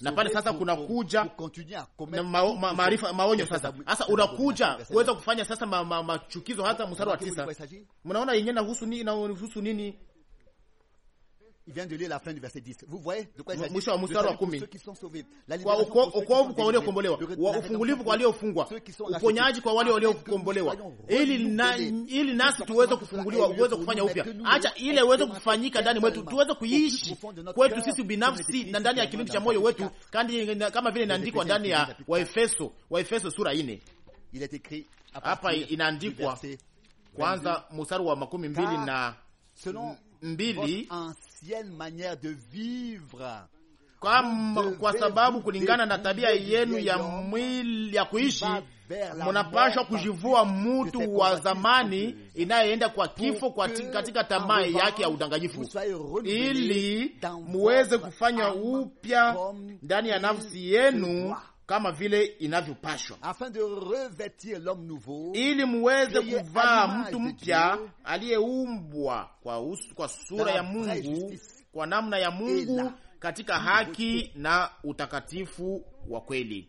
Na pale sasa kunakuja maarifa, maonyo. Sasa sasa unakuja kuweza kufanya sasa machukizo, hata mstari wa tisa. Mnaona yenyewe inahusu nini? Il vient de lire la fin du verset 10. Vous voyez de quoi il s'agit? mstari wa kumi. Ukovu kwa waliokombolewa, ufungulivu kwa waliofungwa, uponyaji kwa wale waliokombolewa, ili nasi tuweze kufunguliwa, uweze kufanya upya. Acha ile uweze kufanyika ndani mwetu, tuweze kuishi kwetu sisi binafsi na ndani ya kilindi cha moyo wetu, kama vile inaandikwa ndani ya Waefeso, Waefeso sura nne. Hapa inaandikwa kwanza mstari wa makumi mbili na mbili kwa, kwa sababu kulingana na tabia yenu ya mwili ya kuishi munapashwa kujivua mutu wa zamani inayeenda kwa kifo kwa katika tamaa yake ya udanganyifu, ili muweze kufanya upya ndani ya nafsi yenu kama vile inavyopashwa, ili muweze kuvaa mtu mpya aliyeumbwa kwa, kwa sura ya Mungu, kwa namna ya Mungu, katika haki na utakatifu wa kweli.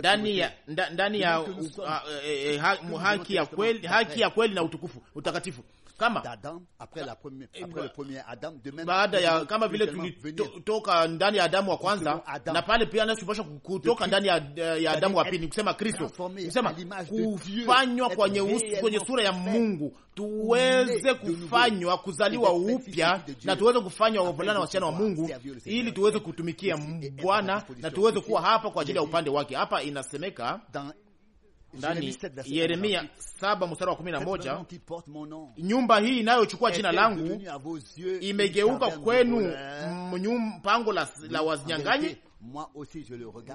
Ndani ya, kweli, haki ya kweli na utukufu utakatifu kama baada ya kama vile tulitoka ndani ya Adamu wa kwanza, na pale pia nasi tupasha kutoka ndani ya Adamu wa pili, kusema Kristo, kusema kufanywa kwenye sura ya Mungu, tuweze kufanywa kuzaliwa upya, na tuweze kufanywa wavulana wasichana wa Mungu, ili tuweze kutumikia Bwana na tuweze kuwa hapa kwa ajili ya upande wake. Hapa inasemeka ndani Yeremia saba mstari wa kumi na moja nyumba hii inayochukua jina langu imegeuka kwenu pango la, la wazinyanganyi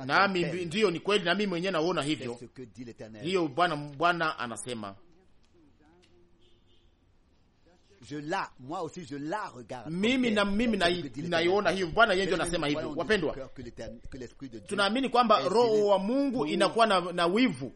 Nami ndiyo, ni kweli, nami mwenyewe nauona hivyo. Hiyo Bwana Bwana anasema mimi na mimi naiona hiyo, Bwana yeye ndio anasema hivyo. Wapendwa, tunaamini kwamba roho wa Mungu inakuwa na, na wivu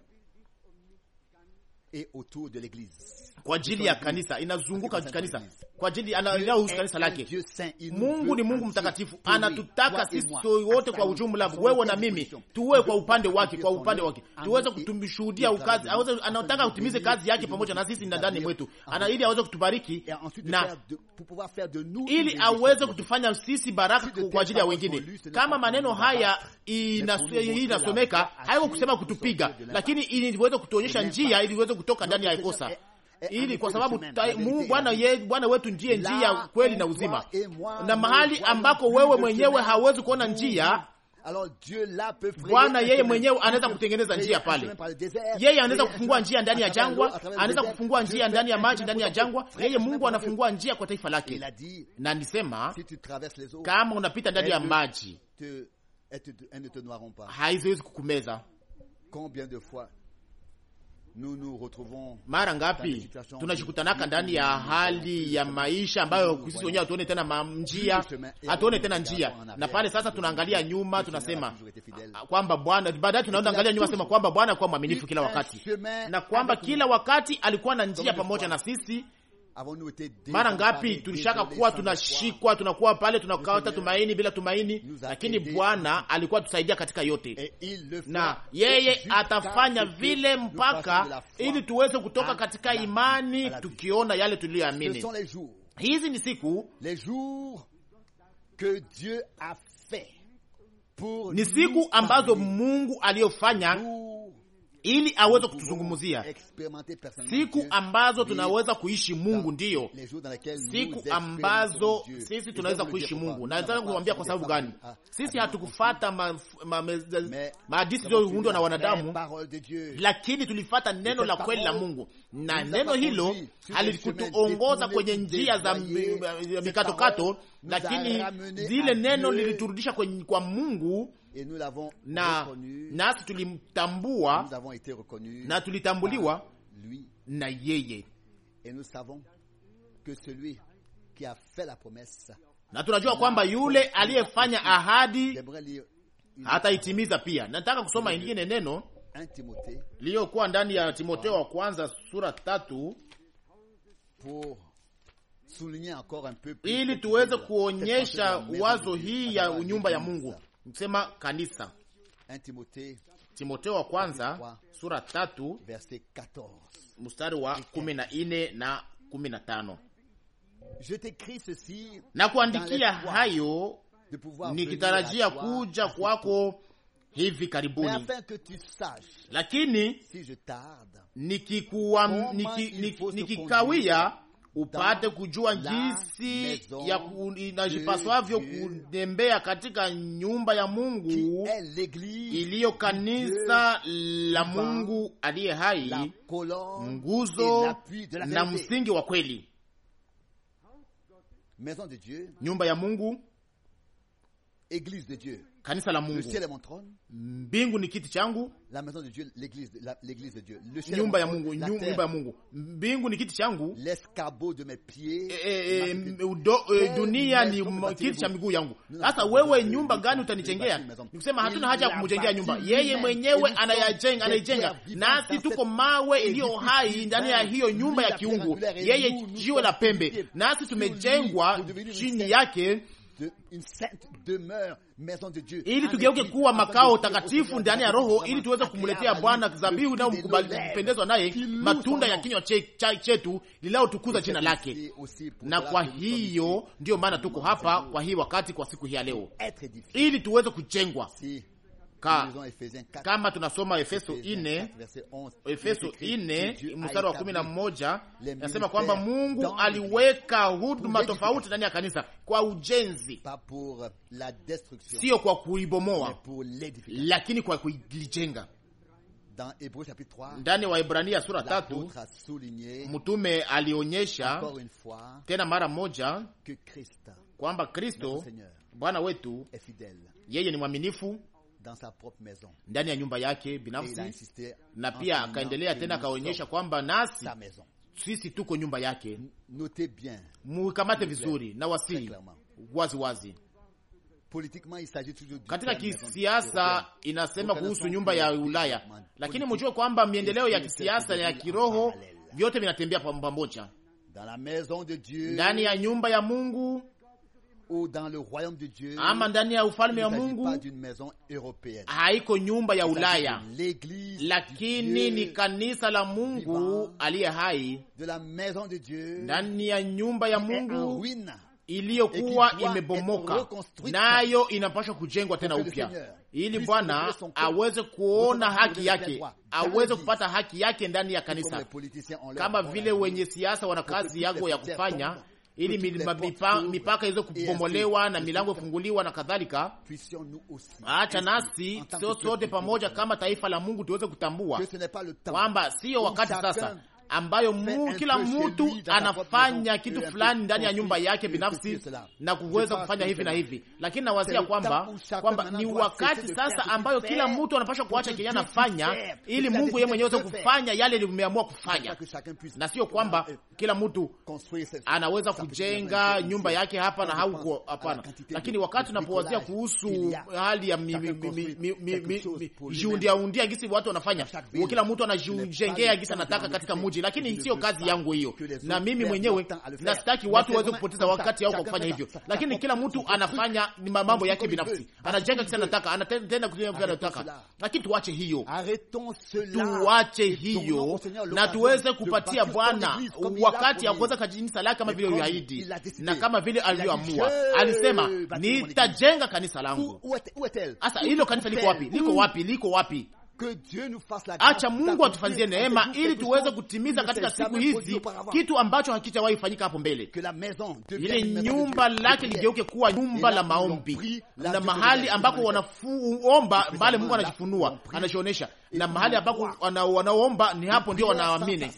et autour de l'église. kwa ajili ya kanisa, inazunguka kanisa kwa ajili, anahusu kanisa lake. Mungu ni Mungu mtakatifu, anatutaka sisi wote kwa ujumla, wewe na mimi, tuwe kwa upande wake, kwa upande wake tuweze kutumshuhudia ukazi. Anataka utimize kazi yake pamoja na sisi ndani mwetu, ili aweze kutubariki na ili aweze kutufanya sisi baraka kwa ajili ya wengine. Kama maneno haya inasomeka, haiko kusema kutupiga, lakini iweze kutuonyesha njia, iliweze kutoka ndani ya kosa Eh, ili kwa sababu Bwana wetu ndiye njia, kweli na uzima, na mahali ambako wewe mwenyewe hawezi kuona njia Bwana yeye mwenyewe anaweza kutengeneza njia pale. Yeye anaweza kufungua njia ndani ya jangwa, anaweza kufungua njia ndani ya maji ndani ya jangwa. Yeye Mungu anafungua njia kwa taifa lake, na nisema kama unapita ndani ya maji haiziwezi kukumeza mara ngapi tunajikutanaka ndani ya hali ya maisha ambayo sisi wenyewe hatuone tena njia, hatuone tena njia, na pale sasa tunaangalia nyuma, tunasema kwamba Bwana, baadaye tunaenda angalia nyuma, sema kwamba Bwana alikuwa mwaminifu kila wakati na kwamba kila wakati alikuwa na njia pamoja na sisi mara ngapi tulishaka kuwa tunashikwa, tunakuwa pale, tunakata tumaini bila tumaini, lakini Bwana alikuwa tusaidia katika yote, na yeye atafanya vile mpaka ili tuweze kutoka ah, katika imani, tukiona yale tuliyoamini. Hizi ni siku ni siku ambazo Mungu aliyofanya ili aweze kutuzungumzia siku ambazo tunaweza kuishi Mungu, ndiyo siku ambazo sisi tunaweza kuishi Mungu. Na nataka kuambia kwa sababu gani sisi hatukufata maadisi iliyoundwa na wanadamu, lakini tulifata neno la kweli la Mungu, na neno hilo halikutuongoza kwenye njia za mikatokato, lakini zile neno liliturudisha kwa Mungu na nasi tulimtambua na tulitambuliwa na yeye, na tunajua kwamba yule aliyefanya ahadi hataitimiza pia. Nataka kusoma ingine neno liyokuwa ndani ya timoteo wa kwanza sura tatu ili tuweze kuonyesha wazo hii ya nyumba ya Mungu msema kanisa. Timote, Timoteo wa kwanza sura tatu mstari wa kumi na nne na kumi na tano. Na kuandikia hayo nikitarajia kuja kwako hivi karibuni, lakini nikikawia upate kujua jinsi ya inajipaswavyo kutembea katika nyumba ya Mungu iliyo kanisa la Mungu aliye hai, nguzo na msingi wa kweli. Nyumba ya Mungu, eglise de Dieu kanisa la Mungu. Mbingu ni kiti changu, nyumba ya Mungu, nyumba ya Mungu. Mbingu ni kiti changu, eh, eh, eh, dunia ni kiti cha miguu yangu. Sasa wewe nyumba gani utanijengea Nikusema hatuna haja ya kumjengea nyumba, yeye mwenyewe anayajenga, anaijenga, nasi tuko mawe iliyo hai ndani ya hiyo nyumba ya kiungu, yeye jiwe la pembe, nasi tumejengwa chini yake de, une sainte demeure, maison de Dieu, ili tugeuke kuwa makao takatifu ndani ya Roho, ili tuweze kumletea Bwana dhabihu na kupendezwa naye, matunda ya kinywa chetu linalotukuza jina lake. Na kwa hiyo ndiyo maana tuko hapa, kwa hii wakati, kwa siku hii ya leo, ili tuweze kujengwa Ka, kama tunasoma Efeso ine Efeso ine mstari wa kumi na moja nasema kwamba Mungu aliweka huduma tofauti ndani ya kanisa kwa ujenzi, sio kwa kuibomoa, lakini kwa kulijenga. Ndani wa Ibrania sura tatu mtume alionyesha tena mara moja kwamba Kristo Bwana wetu yeye ni mwaminifu ndani ya nyumba yake binafsi, na pia akaendelea tena akaonyesha kwamba nasi sisi tuko nyumba yake. Mukamate vizuri na wasii wazi wazi katika kisiasa inasema kuhusu nyumba ya Ulaya, lakini mujue kwamba miendeleo ya kisiasa na ya kiroho vyote vinatembea pamoja ndani ya nyumba ya Mungu ama ndani ya ufalme wa Mungu haiko nyumba ya Ulaya, lakini ni kanisa la Mungu aliye hai ndani ya nyumba ya Mungu iliyokuwa imebomoka, nayo inapashwa kujengwa tena upya, ili Bwana aweze kuona haki yake, aweze kupata haki yake ndani ya kanisa, kama vile wenye siasa wana kazi yako ya kufanya ili mipaka iweze kubomolewa na milango ifunguliwa na kadhalika. Acha nasi sote pamoja kama taifa la Mungu tuweze kutambua kwamba sio wakati sasa ambayo mu, kila mtu anafanya kitu fulani ndani ya nyumba yake binafsi na kuweza kufanya hivi na hivi, lakini nawazia kwamba kwamba ni wakati sasa ambayo kila mtu anapaswa kuacha kile anafanya, ili Mungu yeye mwenyewe aweze kufanya yale limeamua kufanya, na sio kwamba kila mtu anaweza kujenga nyumba yake hapa na huko, hapana. Lakini wakati unapowazia kuhusu hali ya jiundiaundia gisi watu wanafanya, kila mtu anajijengea gisi anataka katika mji lakini sio kazi yangu hiyo, na mimi mwenyewe na sitaki watu waweze kupoteza wakati yao kwa kufanya hivyo, lakini kila mtu anafanya ni mambo yake binafsi, anajenga kisa anataka, anatenda kile anataka, lakini tuache hiyo, tuache hiyo na tuweze kupatia Bwana wakati ya kuweza kanisa lake kama vile uahidi na kama vile alivyoamua. Alisema nitajenga kanisa langu. Sasa hilo kanisa liko wapi? Liko wapi? Liko wapi? Acha Mungu atufanyie neema ili tuweze kutimiza katika siku hizi kitu ambacho hakijawahi fanyika hapo mbele, ile nyumba lake ligeuke kuwa nyumba la maombi na mahali ambako wanaomba mbale Mungu anajifunua anajionyesha, na mahali ambako wanaoomba ni hapo ndio wanaamini.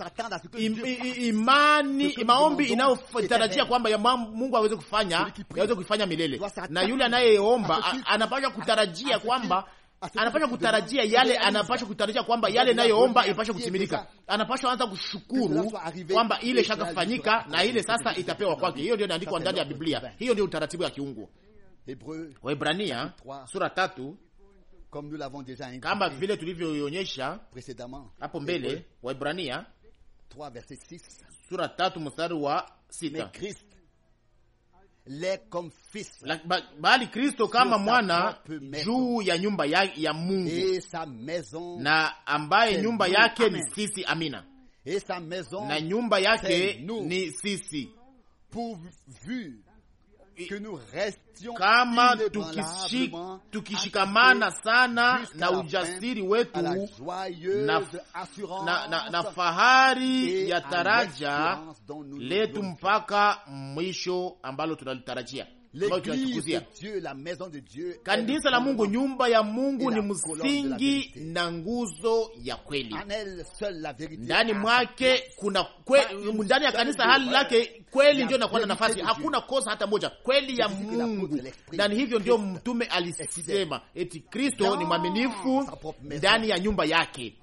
Imani maombi inayotarajia kwamba Mungu aweze kufanya aweze kufanya milele, na yule anayeomba anapaswa kutarajia kwamba anapasha kutarajia yale, anapashwa kutarajia kwamba yale nayoomba inapasha kutimilika. anapashwa anza kushukuru kwamba ile shakafanyika na ile sasa itapewa kwake. Hiyo ndio inaandikwa ndani ya Biblia, hiyo ndio utaratibu ya kiungu. Waebrania sura tatu kama vile tulivyoionyesha hapo mbele, Waebrania sura tatu mstari wa sita bali Kristo kama mwana juu ya nyumba ya, ya Mungu na ambaye nyumba yake ni sisi. Amina, na nyumba yake ni sisi kama tukishi, tukishikamana sana na ujasiri wetu na, na, na, na fahari ya taraja letu mpaka mwisho ambalo tunalitarajia. L'église de Dieu, la maison de Dieu, kanisa la Mungu, nyumba ya Mungu ni msingi na nguzo ya kweli. Ndani mwake kuna ndani ya kanisa hali lake kweli ndio inakuwa na nafasi, hakuna kosa hata moja. Kweli ya Mungu ndani, hivyo ndio mtume alisema eti Kristo ni mwaminifu ndani ya nyumba yake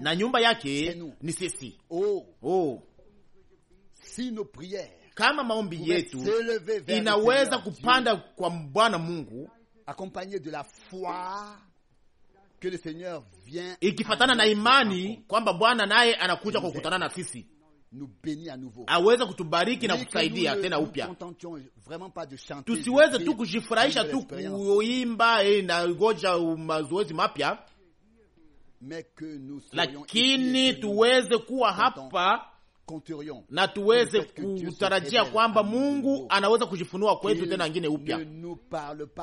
na nyumba yake ni sisi. Oh. Oh. Si nos prières kama maombi yetu inaweza kupanda kwa Bwana Mungu ikifatana na imani kwamba Bwana naye anakuja kwa kukutana na sisi aweze kutubariki na kutusaidia tena upya, tusiweze tu kujifurahisha tu kuimba eh, na ngoja mazoezi mapya, lakini tuweze kuwa hapa na tuweze kutarajia kwamba Mungu anaweza kujifunua kwetu tena ingine upya,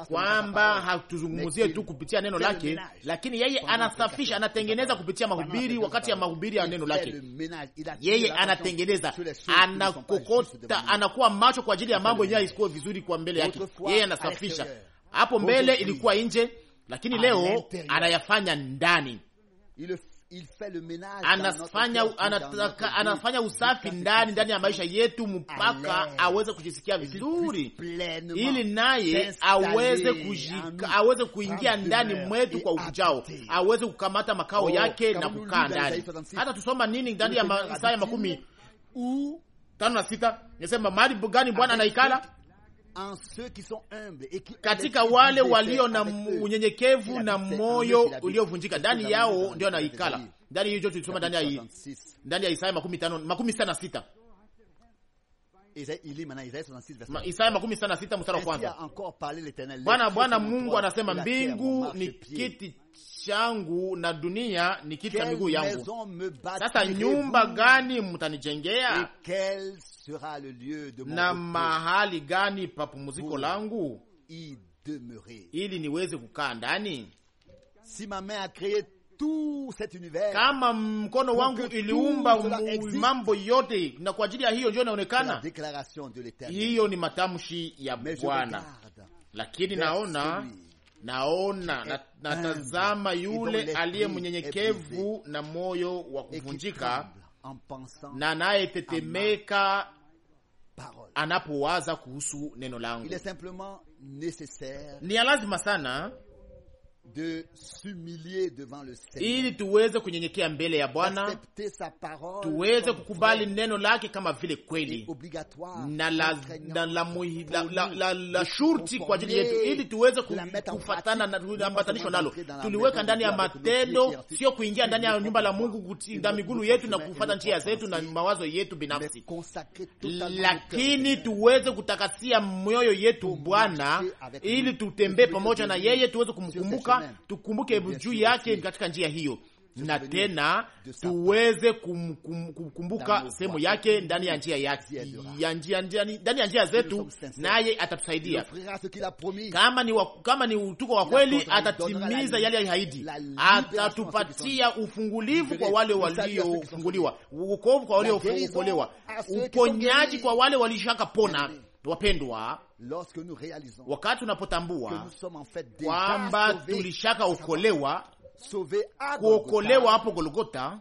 kwamba hatuzungumzie tu kupitia neno lake, lakini yeye anasafisha, anatengeneza kupitia mahubiri, wakati ya mahubiri ya neno lake yeye anatengeneza, anakokota, anakuwa macho kwa ajili ya mambo yenyewe isikuwe vizuri kwa mbele yake. Yeye anasafisha. Hapo mbele ilikuwa nje, lakini leo anayafanya ndani anafanya anafanya usafi ndani ndani ya maisha yetu mpaka aweze kujisikia vizuri, ili naye aweze kujika, aweze kuingia ndani mwetu kwa ujao, aweze kukamata makao oh, yake na kukaa ndani. Hata tusoma nini ndani ya Isaya makumi tano na sita nasema, mahali gani Bwana anaikala katika wale walio na unyenyekevu na moyo uliovunjika ndani yao ndio anaikala. Ndani hiyo tulisoma ndani ya Isaya makumi sita na sita Isaya makumi sita na sita mstari wa kwanza Bwana Bwana Mungu anasema mbingu ni kiti changu na dunia ni kitu cha miguu yangu. Sasa nyumba gani mtanijengea, na mahali gani pa pumziko langu ili niweze kukaa ndani? Si ma main a créé tout cet univers, kama mkono wangu iliumba mambo yote, na kwa ajili ya hiyo ndio inaonekana hiyo ni matamshi ya Bwana, lakini naona naona na, natazama yule aliye mnyenyekevu na moyo wa kuvunjika na anayetetemeka anapowaza kuhusu neno langu. Ni ya lazima sana de s'humilier devant le Seigneur, ili tuweze kunyenyekea mbele ya Bwana, tuweze kukubali neno lake kama vile kweli na la, na la, la, la, la, la shurti kwa ajili yetu, ili tuweze kufuatana na ambatanisho nalo. Tuliweka ndani ya matendo, sio kuingia ndani ya nyumba la Mungu kutinda migulu yetu na kufata njia zetu na mawazo yetu binafsi, lakini tuweze kutakasia mioyo yetu Bwana, ili tutembee pamoja na yeye, tuweze kumkumbuka tukumbuke juu yake katika njia hiyo na tena tuweze kumkumbuka sehemu yake ndani ya njia yake ndani ya njia zetu, naye atatusaidia kama ni, wa, kama ni utuko wa kweli, atatimiza yale yahaidi, atatupatia ufungulivu kwa wale waliofunguliwa, uokovu kwa wale waliokolewa, uponyaji kwa wale walishaka pona Wapendwa, wakati tunapotambua kwamba tulishaka okolewa, kuokolewa hapo Golgota,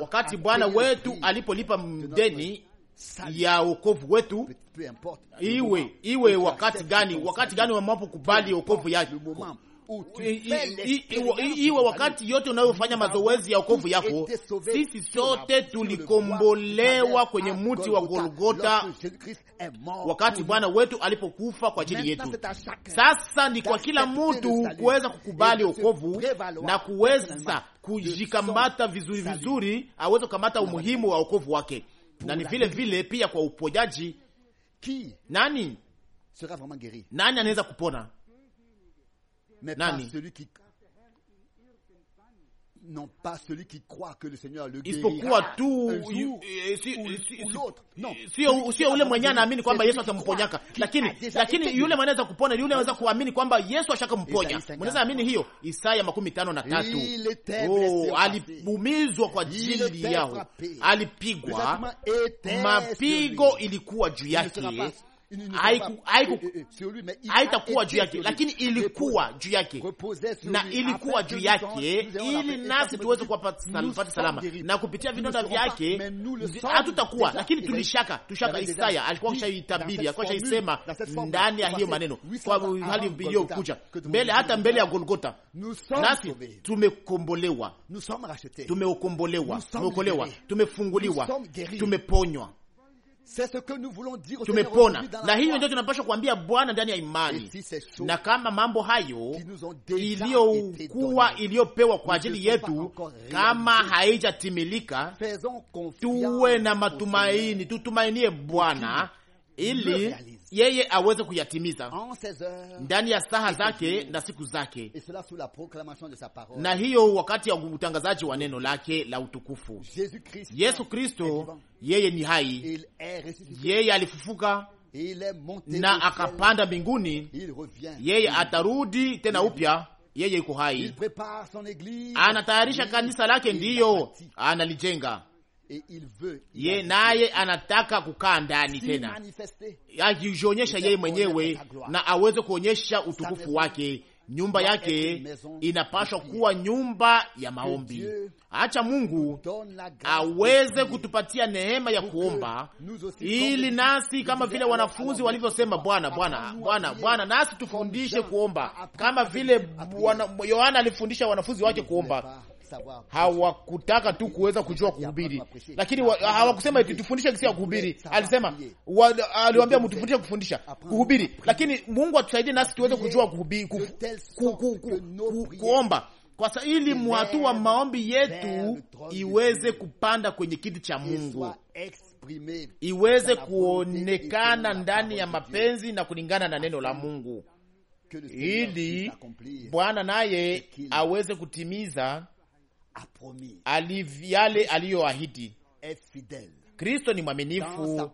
wakati Bwana wetu alipolipa mdeni ya wokovu wetu, iwe iwe wakati gani, wakati gani kubali wokovu yake iwe wakati yote unayofanya mazoezi ya wokovu yako. Sisi sote tulikombolewa kwenye mti wa Golgota wakati Bwana wetu alipokufa kwa ajili yetu. Sasa ni kwa kila mtu kuweza kukubali wokovu na kuweza kujikamata vizuri vizuri, aweze kukamata umuhimu wa wokovu wake, na ni vile vile pia kwa upojaji Nani nani anaweza kupona? nani? Non pas celui qui croit que le Seigneur le isipokuwa tu Si yule mwenye anaamini kwamba Yesu atamponyaka, lakini lakini yule mwenye anaweza kupona yule anaweza kuamini kwamba Yesu mponya. Mwenye anaamini hiyo. Isaya 53. Oh, alibumizwa kwa ajili yao, alipigwa, mapigo ilikuwa juu yake Eh, eh, eh, haitakuwa juu yake, lakini ilikuwa juu yake na ilikuwa juu yake, ili nasi tuweze kuwapata salama na kupitia vidonda vyake hatutakuwa. Lakini tulishaka tushaka, Isaya alikuwa shaitabiri, alikuwa shaisema ndani ya hiyo maneno kwa hali iliyokuja mbele, hata mbele ya Golgota, nasi tumekombolewa, tumeokombolewa, tumeokolewa, tumefunguliwa, tumeponywa tumepona, na hiyo ndio tunapashwa kuambia Bwana ndani ya imani. Na kama mambo hayo iliyokuwa iliyopewa kwa ajili yetu kama haijatimilika, tuwe na matumaini, tutumainie Bwana ili yeye aweze kuyatimiza ndani ya saha zake na siku zake, na hiyo wakati ya utangazaji wa neno lake la utukufu. Yesu Kristo yeye ni hai, yeye alifufuka na akapanda mbinguni, yeye atarudi tena upya. Yeye iko hai, anatayarisha kanisa lake, ndiyo analijenga ye naye anataka kukaa ndani tena, ajionyesha yeye mwenyewe na aweze kuonyesha utukufu wake. Nyumba yake inapashwa kuwa nyumba ya maombi. Acha Mungu aweze kutupatia neema ya kuomba, ili nasi kama vile wanafunzi walivyosema, Bwana, Bwana, Bwana, Bwana, nasi tufundishe kuomba kama vile Yohana alifundisha wanafunzi wake kuomba hawakutaka tu kuweza kujua kuhubiri, lakini hawakusema eti tufundishe kisi ya kuhubiri. Alisema, aliwaambia mtufundishe kufundisha kuhubiri, lakini Mungu atusaidie nasi tuweze kujua kuhubiri, kuomba kwa ili mwatu wa maombi yetu iweze kupanda kwenye kiti cha Mungu, iweze kuonekana ndani ya mapenzi na kulingana na neno la Mungu, ili Bwana naye aweze kutimiza yale aliyoahidi. Kristo ni mwaminifu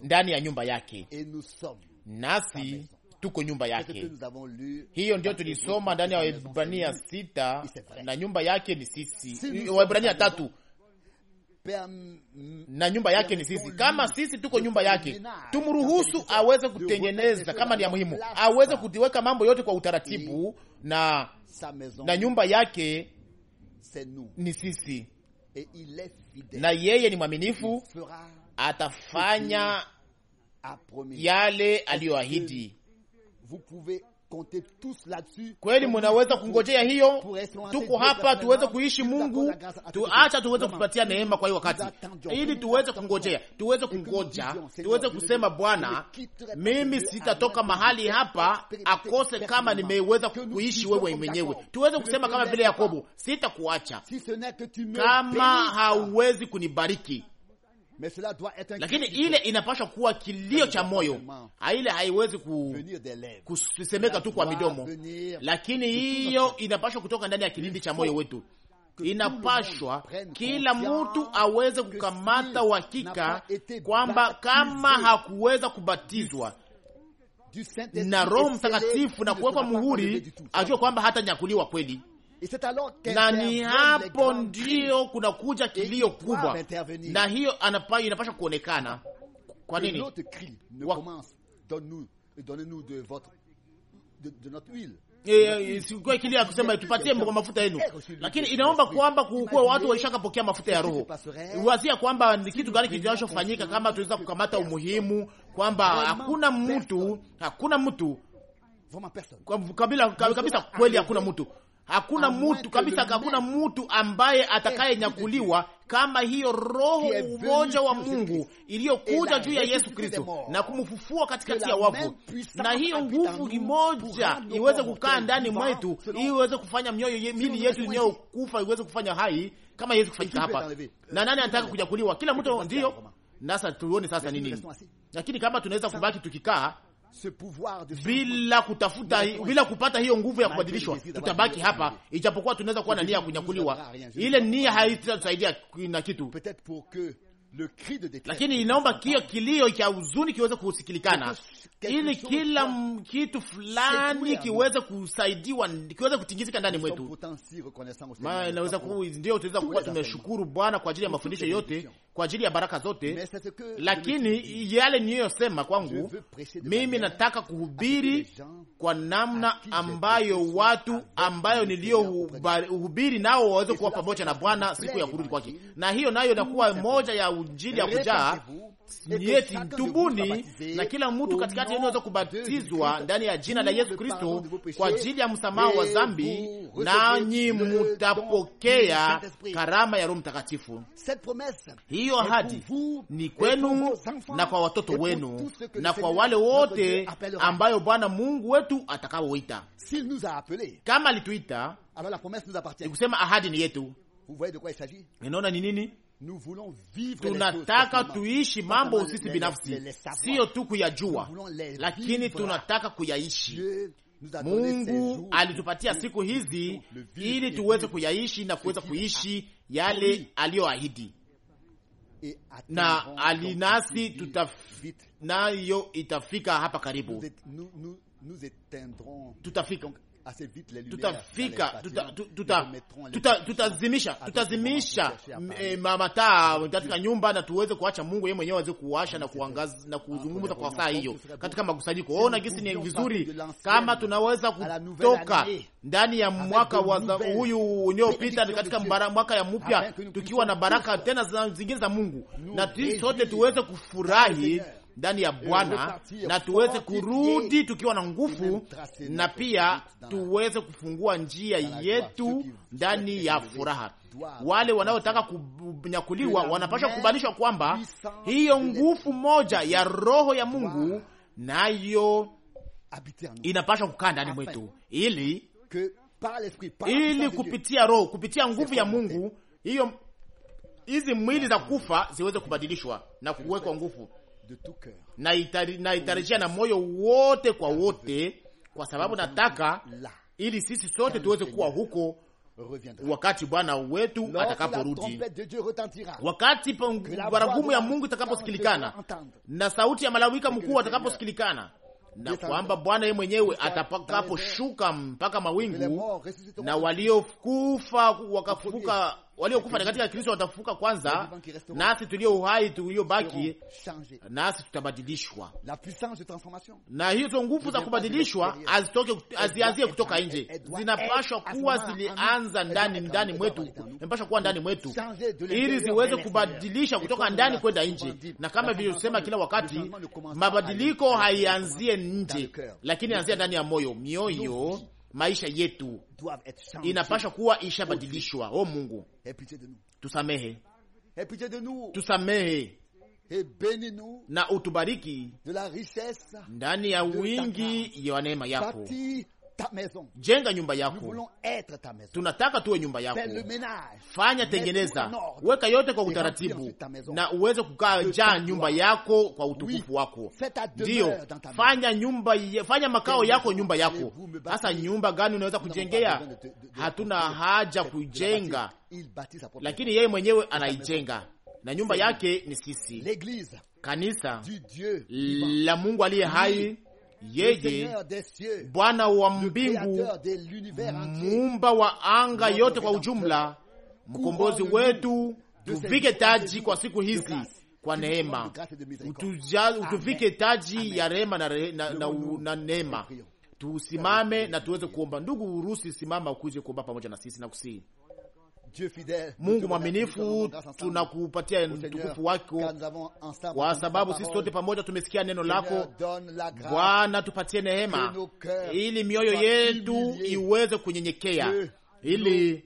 ndani ya nyumba yake, nasi tuko nyumba yake. Hiyo ndio tulisoma ndani ya Waebrania sita, na nyumba yake ni sisi. Waebrania tatu na nyumba yake ni sisi. Kama sisi tuko nyumba yake, tumruhusu aweze kutengeneza kama ni ya muhimu, aweze kuiweka mambo yote kwa utaratibu na, na nyumba yake ni sisi, na yeye ni mwaminifu, atafanya yale aliyoahidi kweli munaweza kungojea hiyo. Tuko hapa tuweze kuishi Mungu, tuacha tuweze kupatia neema kwa hii wakati, ili tuweze kungojea, tuweze kungoja, tuweze kusema Bwana, mimi sitatoka mahali hapa akose kama nimeweza kuishi wewe mwenyewe. Tuweze kusema kama vile Yakobo, sitakuacha kama hauwezi kunibariki lakini ile inapashwa kuwa kilio cha moyo. Ile haiwezi kusemeka tu kwa midomo, lakini hiyo inapashwa kutoka ndani ya kilindi cha moyo wetu. Inapashwa kila mtu aweze kukamata uhakika kwamba kama hakuweza kubatizwa na Roho Mtakatifu na kuwekwa muhuri, ajue kwamba hata nyakuliwa kweli na ni hapo ndio kunakuja kilio kubwa, na hiyo inapasha kuonekana. Kwa nini eh, eh, sikuwa kilio ya kusema tupatie mboga mafuta yenu, lakini inaomba kwamba kukuwa watu walishakapokea mafuta ya Roho, wazia kwamba ni kitu gani kinachofanyika, kama tuweza kukamata umuhimu kwamba hakuna mtu, hakuna mtu kabila kabisa, kweli hakuna mtu Hakuna mutu kabisa, hakuna mutu ambaye atakayenyakuliwa kama hiyo roho umoja wa Mungu iliyokuja juu ya Yesu Kristo na kumfufua katikati ya wafu, na hiyo nguvu imoja iweze kukaa ndani mwetu, ili iweze kufanya mioyo ye, mili yetu inayokufa iweze kufanya hai kama Yesu kufanyika hapa. Na nani anataka kunyakuliwa? Kila mtu ndiyo. Nasa tuone sasa nini, lakini kama tunaweza kubaki tukikaa bila kutafuta bila kupata hiyo nguvu ya kubadilishwa, tutabaki hapa, ijapokuwa tunaweza kuwa na nia ya kunyakuliwa. Ile nia haitatusaidia na kitu, lakini inaomba kio kilio cha huzuni kiweze kusikilikana, ili kila kitu fulani kiweze kusaidiwa, kiweze kutingizika ndani mwetu. Ndio tunaweza kuwa tumeshukuru Bwana kwa ajili ya mafundisho yote kwa ajili ya baraka zote, lakini yale niliyosema kwangu mimi, nataka kuhubiri kwa namna ambayo watu ambayo niliyohubiri nao waweze kuwa pamoja na Bwana siku ya kurudi kwake, na hiyo nayo inakuwa moja ya injili ya kujaa nyeti tumbuni, na kila mtu katikati yenu aweza kubatizwa ndani ya jina la Yesu Kristo kwa ajili ya msamaha wa dhambi, nanyi mutapokea karama ya Roho Mtakatifu. Hiyo ahadi ni kwenu na kwa watoto wenu na kwa wale wote ambayo Bwana Mungu wetu atakaoita. Kama alituita, ni kusema ahadi ni yetu. Inaona ni nini? tunataka tuishi mambo sisi binafsi, siyo tu kuyajua, lakini tunataka kuyaishi. Mungu alitupatia siku hizi ili tuweze kuyaishi na kuweza kuishi yale aliyoahidi, na alinasi nayo itafika hapa karibu tutafika tutafika tutazimisha tutazimisha eh, mataa katika nyumba na tuweze kuacha Mungu yeye mwenyewe aweze kuwasha na kuangaza na kuzungumza kwa saa hiyo katika makusanyiko. Ona gisi ni vizuri kama tunaweza kutoka ndani ya mwaka huyu uliopita katika mwaka ya mpya tukiwa na baraka tena zingine za Mungu, na sote tuweze kufurahi ndani ya Bwana na tuweze kurudi tukiwa na nguvu, na pia tuweze kufungua njia yetu ndani ya furaha. Wale wanaotaka kunyakuliwa wanapaswa kukubalishwa kwamba hiyo nguvu moja ya Roho ya Mungu nayo inapaswa kukaa ndani mwetu ili ili kupitia Roho, kupitia nguvu ya Mungu hiyo hizi mwili za kufa ziweze kubadilishwa na kuwekwa nguvu naitarajia na, na moyo wote kwa wote, kwa sababu nataka ili sisi sote tuweze kuwa huko wakati Bwana wetu atakaporudi, wakati baragumu ya Mungu itakaposikilikana na sauti ya malawika mkuu atakaposikilikana na kwamba Bwana yeye mwenyewe atakaposhuka mpaka mawingu na waliokufa wakafufuka waliokufa katika Kristo watafufuka kwanza, nasi tulio uhai tuliobaki, nasi tutabadilishwa. Na hizo nguvu za kubadilishwa hazianzie kutoka nje, zinapashwa kuwa zilianza ndani ndani mwetu, zinapashwa kuwa ndani mwetu ili ziweze kubadilisha kutoka ndani kwenda nje. Na kama vilivyosema kila wakati, mabadiliko haianzie nje, lakini anzia ndani ya moyo, mioyo maisha yetu inapasha kuwa ishabadilishwa. O oh, Mungu, tusamehe, tusamehe na utubariki ndani ya wingi ya neema yako ta maison. Jenga nyumba yako, tunataka tuwe nyumba yako. Fanya, tengeneza, weka yote kwa utaratibu, na uweze kukaa jaa nyumba yako kwa utukufu wako. Ndiyo, fanya nyumba, fanya makao yako nyumba yako. Sasa nyumba gani unaweza kujengea? Hatuna haja kujenga, lakini yeye mwenyewe anaijenga, na nyumba yake ni sisi, kanisa la Mungu aliye hai yeye Bwana wa mbingu, muumba wa anga yote kwa ujumla, mkombozi wetu, tuvike taji kwa siku hizi kwa neema, utuvike taji ya rehema na, re, na, na, na neema. Tusimame na tuweze kuomba. Ndugu urusi, simama ukuje kuomba pamoja na sisi na kusii Mungu mwaminifu, tunakupatia utukufu wako kwa sababu sisi sote pamoja tumesikia neno lako Bwana. Tupatie neema ili mioyo yetu iweze kunyenyekea, ili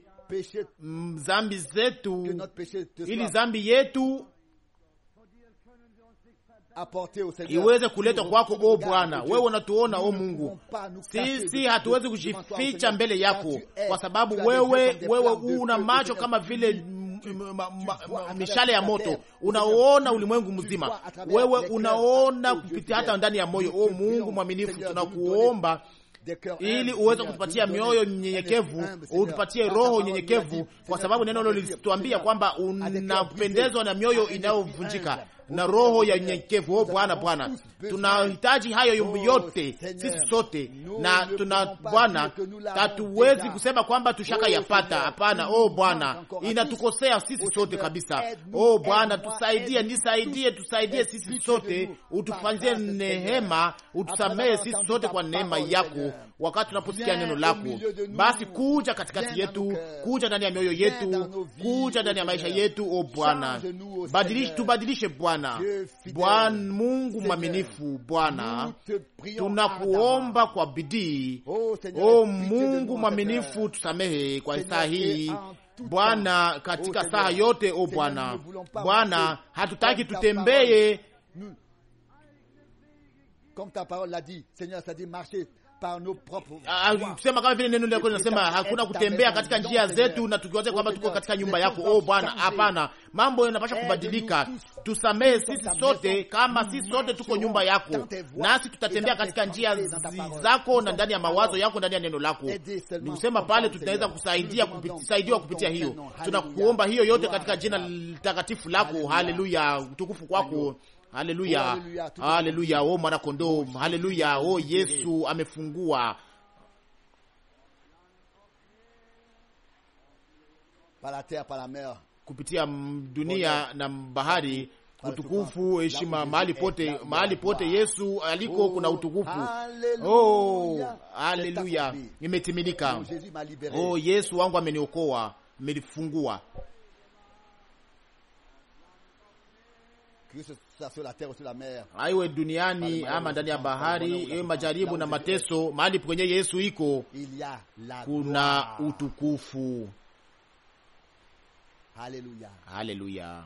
zambi zetu, ili zambi yetu iweze kuletwa kwako, o oh Bwana. Wewe unatuona o oh Mungu, sisi hatuwezi kujificha mbele yako, kwa sababu wewe wewe una macho kama vile mishale ya moto, unaona ulimwengu mzima. Wewe unaona kupitia hata ndani ya moyo. O oh Mungu mwaminifu, tunakuomba ili uweze kutupatia mioyo nyenyekevu, utupatie roho nyenyekevu, kwa sababu neno hilo lilituambia kwamba unapendezwa na mioyo inayovunjika na roho ya o oh, Bwana, Bwana, tunahitaji hayo yote sisi sote, na tuna Bwana, hatuwezi kusema kwamba tushaka yapata. Hapana, oh Bwana, inatukosea sisi sote kabisa. Oh Bwana, tusaidie, nisaidie, tusaidie sisi sote, utufanzie nehema, utusamehe sisi sote kwa neema yako wakati tunaposikia neno lako, basi kuja katikati yetu, kuja ndani ya mioyo yetu, kuja ndani ya maisha yetu. O Bwana, tubadilishe Bwana, Bwana Mungu mwaminifu. Bwana, tunakuomba kwa bidii. O Mungu mwaminifu, tusamehe kwa saa e hii Bwana, katika saa yote. O Bwana, Bwana, hatutaki tutembeye Ah, ah, kusema kama vile neno lako linasema, hakuna kutembea katika njia zetu na tukiwaza kwamba tuko katika nyumba yako. Oh Bwana, hapana, mambo yanapasha eh, kubadilika. Tusamehe sisi sote, kama sisi sote tuko nyumba yako, nasi tutatembea katika njia zako na ndani ya mawazo yako, ndani ya neno lako. Ni kusema pale tunaweza kusaidia kusaidiwa kupitia hiyo. Tunakuomba hiyo yote katika jina takatifu lako. Haleluya, utukufu kwako. Haleluya, haleluya! O oh, mwana kondoo, haleluya! O oh, Yesu amefungua kupitia dunia na bahari utukufu heshima eh, mahali pote, mahali pote Yesu aliko oh, kuna utukufu. Oh, haleluya, imetimilika. Oh, Yesu wangu ameniokoa, amenifungua aiwe ah, duniani ama ndani ya bahari, iwe majaribu na mateso, mahali kwenye Yesu iko kuna utukufu. Haleluya, haleluya.